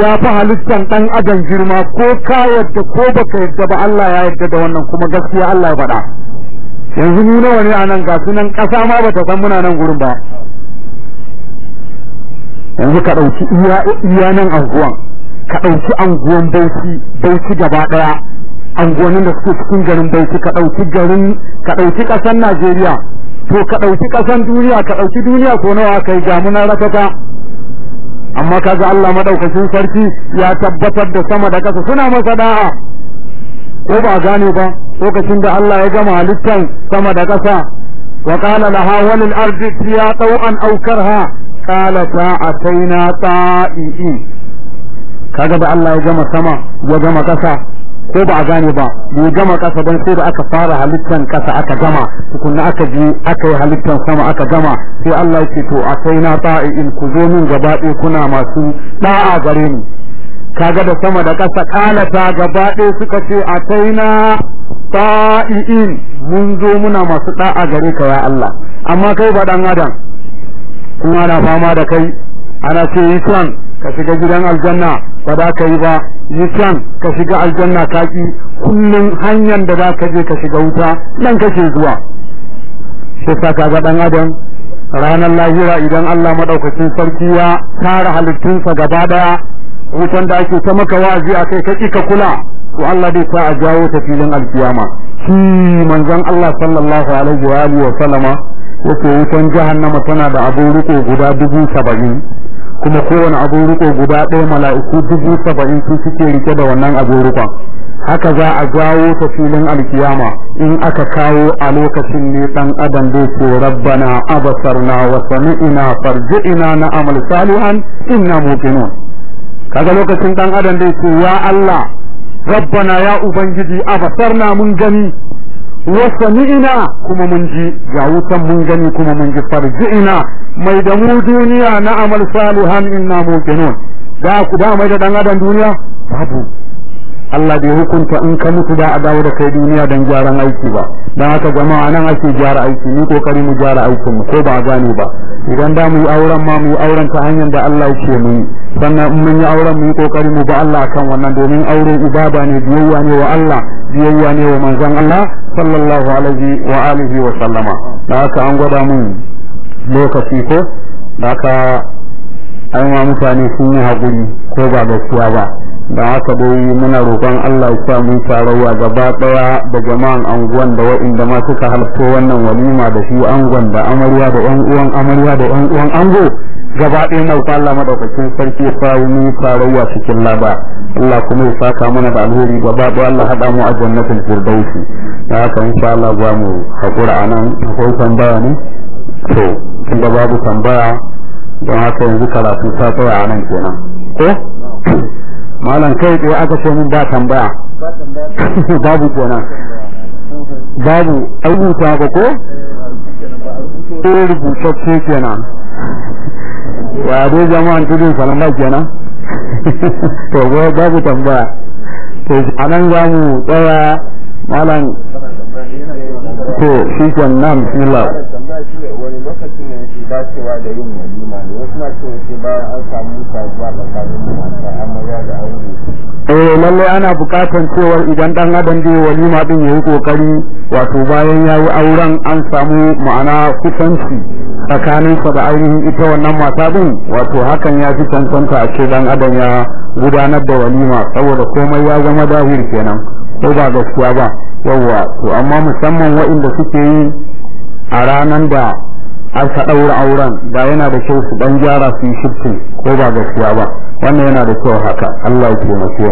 ya fa halittan dan adam girma ko ka yadda ko baka yadda ba Allah ya yadda da wannan kuma gaskiya Allah ya faɗa yanzu ni nawa ne anan ga sunan kasa ma bata san muna nan gurin ba yanzu ka dauki iya iya nan anguwan ka ɗauki anguwan bauchi bauchi gaba ɗaya anguwannin da suke cikin garin bauchi ka ɗauki garin ka ɗauki ƙasar najeriya to ka ɗauki ƙasar duniya ka ɗauki duniya ko nawa kai gamunan rakata amma kaga Allah maɗaukacin sarki ya tabbatar da sama da ƙasa suna masa da'a ko ba gane ba lokacin da Allah ya gama halittan sama da ƙasa wa qala laha walil ardi ya taw'an aw karha qala ta'ataina ta'i'in kaga da Allah ya gama sama ya gama kasa ko ba a gane ba bai gama kasa don sai da aka fara halittan kasa aka gama tukunna aka je aka yi halittan sama aka gama sai Allah ya ce to kai na in ku zo min gaba ɗaya kuna masu da'a gare ni kaga da sama da kasa kalata gaba ɗaya suka ce a kai na in mun zo muna masu da'a gare ka ya Allah amma kai ba dan adam kuma na fama da kai ana ce yi ka shiga gidan aljanna ba za ka yi ba yi san ka shiga aljanna ka ki kullum hanyar da za ka je ka shiga wuta nan kake zuwa shi sa ka ga dan adam ranar lahira idan Allah madaukakin sarki ya tara halittunsa gaba daya wutan da ake ta maka wa'azi a kai kaki ka kula to Allah dai sa a jawo ta filin alkiyama shi manzon Allah sallallahu alaihi wa alihi wa sallama yake wutan jahannama tana da abu riko guda dubu saba'in kuma kowane abin riko guda ɗaya mala'iku dubu saba'in sun suke rike da wannan abin rikon haka za a jawo ta filin alkiyama in aka kawo a lokacin ne ɗan adam na abasar rabbana abasarna wa sami'ina farji'ina na amal salihan inna muqinun kaga lokacin ɗan adam da ke ya Allah rabbana ya ubangiji abasarna mun gani wa ina kuma mun ji ga wutan mun gani kuma mun ji farji'na mai da mu duniya na amal salihan inna muqinun da ku da mai da dan adam duniya babu Allah bai hukunta in ka mutu da a dawo da kai duniya don gyaran aiki ba don haka jama'a nan ake gyara aiki ni kokari mu gyara aikin mu ko ba a gane ba idan da mu yi auren ma mu yi auren ta hanyar da Allah yake mu yi sannan in mun yi auren mu yi kokari mu ba Allah akan wannan domin aure ibada ne biyayya ne wa Allah biyayya ne wa manzon Allah sallallahu alaihi wa alihi wa sallama da haka an gwada mun lokaci ko da haka an mutane sun yi haƙuri ko ba gaskiya ba da haka dai muna roƙon Allah ya sa mu tarayya gaba daya da jama'an anguwan da waɗanda ma suka halarta wannan walima da shi angon da amarya da ƴan uwan amarya da ƴan uwan ango gaba ɗaya na Allah madaukakin sarki ya sa mu cikin laba Allah kuma ya saka mana da alheri gaba daya Allah hada mu a jannatul firdaus da haka insha Allah za mu hakura anan akwai tambaya ne to tunda babu tambaya don haka yanzu karatu ta tsaya anan kenan ko malam kai ko aka ce mun ba tambaya babu kenan babu an ta ko ko ko rubutacce kenan wa dai jama'an tudun salama kenan to babu tambaya to anan za mu tsaya malam to shi kenan bismillah dacewa da yin walima ne wasu na ce sai bayan an samu saduwa tsakanin mata amarya da aure eh lalle ana bukatar cewa idan dan adam da walima din yayi kokari wato bayan yayi auren an samu ma'ana kusanci tsakaninsa sa da ainihin ita wannan mata din wato hakan ya fi cancanta a ce dan adam ya gudanar da walima saboda komai ya zama dahir kenan ko ba gaskiya ba yawwa to amma musamman waɗanda suke yi a ranar da aka ɗaura auren ba yana da kyau su ɗan gyara su yi shirkin ko ba gaskiya ba wannan yana da kyau haka Allah ya taimake mu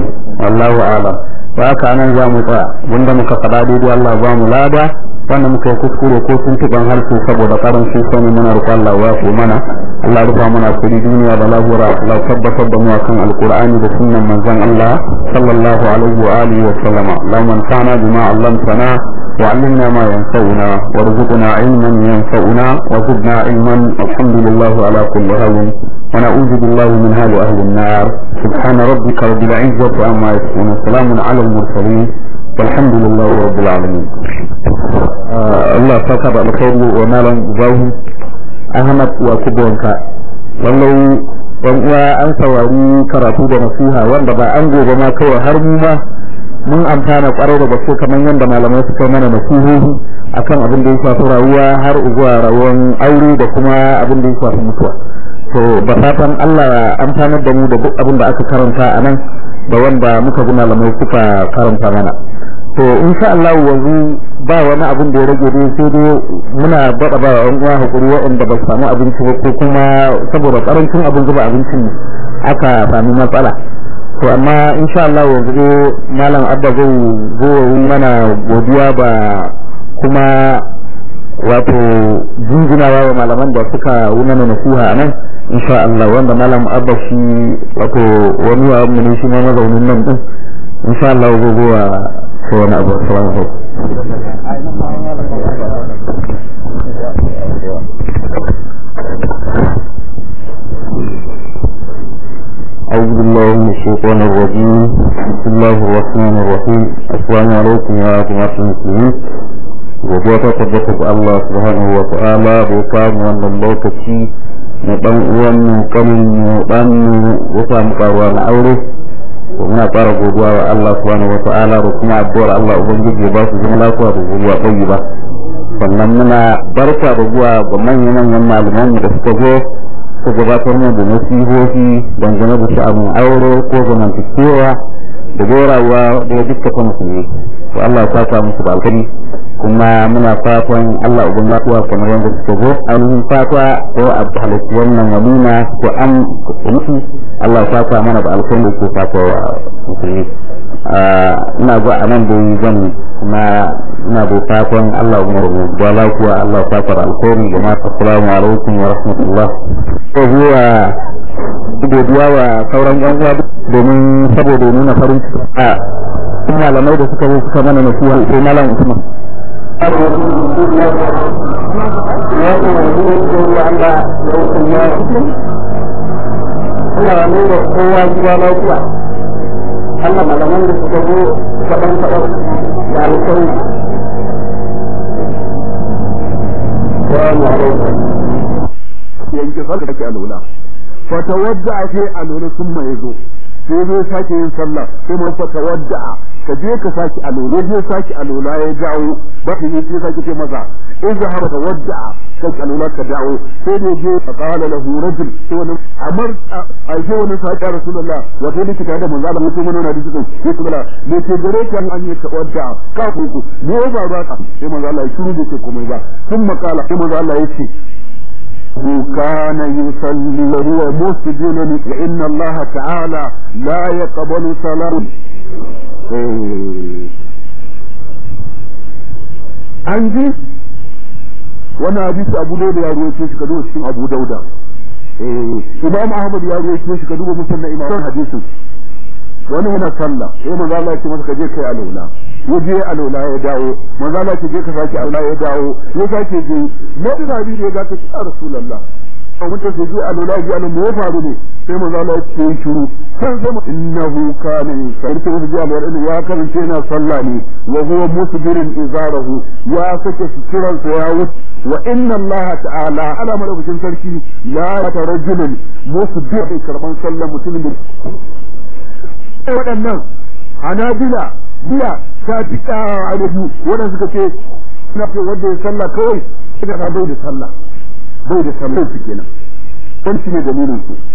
wallahu a'lam ba haka nan za mu tsaya wanda muka faɗa daidai Allah ba mu lada wannan muka yi kuskure ko tuntuɓen harshe saboda ƙarancin sani muna rufe Allah ya fi mana Allah ya rufa mana kuri duniya da lahura Allah tabbatar da mu akan alkur'ani da sunnan manzon Allah sallallahu alaihi wa alihi wa sallama lamman kana bima allamtana وعلمنا ما ينفعنا وارزقنا علما ينفعنا وزدنا علما الحمد لله على كل هول ونعوذ بالله من هال أهل النار سبحان ربك رب العزة عما يصفون سلام على المرسلين والحمد لله رب العالمين آه الله ساتر الخير ومالا جزاهم أهمت وكبونك والله وأنسى وعلي كراتوب نصيها وأنبا أنجو ما كوى هرمه mun amfana kwarai da gaske kamar yadda malamai su kai mana nasihohi akan abin da ya shafi rayuwa har zuwa rayuwar aure da kuma abin da ya shafi mutuwa to ba fatan Allah amfanar da mu da duk abin da aka karanta a nan da wanda muka ji malamai suka karanta mana to insha Allah yanzu ba wani abin da ya rage dai sai dai muna bada ba wa uwa hakuri waɗanda ba su samu abinci ba ko kuma saboda karancin abin zuba abincin aka sami matsala to amma insha Allah yanzu malam abba zai zo mana godiya ba kuma wato jinjinawa wa malaman da suka wuna na nasuha a nan insha Allah wanda malam abba shi wato wani wa mu ne shi ma mazaunin nan din insha Allah zai zo wa wani abu assalamu alaikum أعوذ بالله من الشيطان الرجيم بسم الله الرحمن الرحيم السلام عليكم يا جماعة المسلمين gobe ta tabbata ga Allah subhanahu wa ta'ala da ya samu wannan lokaci na dan uwan mu kanin mu dan mu ya samu karuwa na aure to muna fara godiya wa Allah subhanahu wa ta'ala da kuma addu'ar Allah ubangiji ya ba su zama lafiya da zuwa tsayi ba sannan muna barka da zuwa ga manyan manyan malaman da suka zo ko gabatar mu da nasihohi dangane da sha'anin aure ko zamantakewa da gorawa da duka dukkan musulmi to Allah ya sa musu alkhairi kuma muna fatan Allah ubun lafiya kuma yadda suka zo an yi fata ko a halittu wannan walima ko an mutu Allah ya sa mana da alkhairi ko fata wa musulmi ina ga anan da zan kuma ina da fatan Allah ubun lafiya Allah ya saka alkhairi jama'a assalamu alaikum wa rahmatullah zuwa godiya wa sauran yan uwa domin saboda nuna farin ciki a sun malamai da suka suka mana nasiha sai malam Usman Allah ne da kowa lafiya Allah malaman da suka zo da alƙawari. Wa alaikum. sake yanke sallah take alwala fa tawadda sai alwala kuma yazo sai zai sake yin sallah sai mun fa tawadda ka je ka sake alwala je sake alwala ya dawo ba ki yi sai sake ce maza in za haba tawadda ka alwala ka dawo sai ne je ka qala lahu rajul sai wani amar a je wani sa rasulullah wa sai ki dake da manzo Allah mutum ne na da cikin sai kuma ne ke gare ki an yi tawadda ka ku ne ba ba ka sai manzo Allah ya shiru da kuma ba kuma kala sai manzo Allah ya ce كان يصلي وهو مسجد فإن الله تعالى لا يقبل صلاة an ji wani hadisi abu dauda ya ruwaito shi ka duba cikin abu dauda imam ahmad ya ruwaito shi ka duba musulman imam hadisin wani yana sallah sai manzo Allah ya ce masa kaje kai alula ya je alula ya dawo manzo Allah ya je ka saki alula ya dawo ya sake je mai da bi ne ga ta tsara rasulullah a wata su je alula ya ne mu faru ne sai manzo Allah ya ce shiru sai zama innahu kana sarki da je alula ya karance yana sallah ne wa huwa musbirin izarahu ya sake suturan sa ya wuce wa inna Allah ta'ala ala madaukakin sarki la tarajulun musbir karban sallah mutumin waɗannan hanabila biya ta fi ƙara alibu waɗanda suka ce suna ce wanda ya sallah kawai suka bai da sallah bai da sallah su kenan wani shi ne dalilin su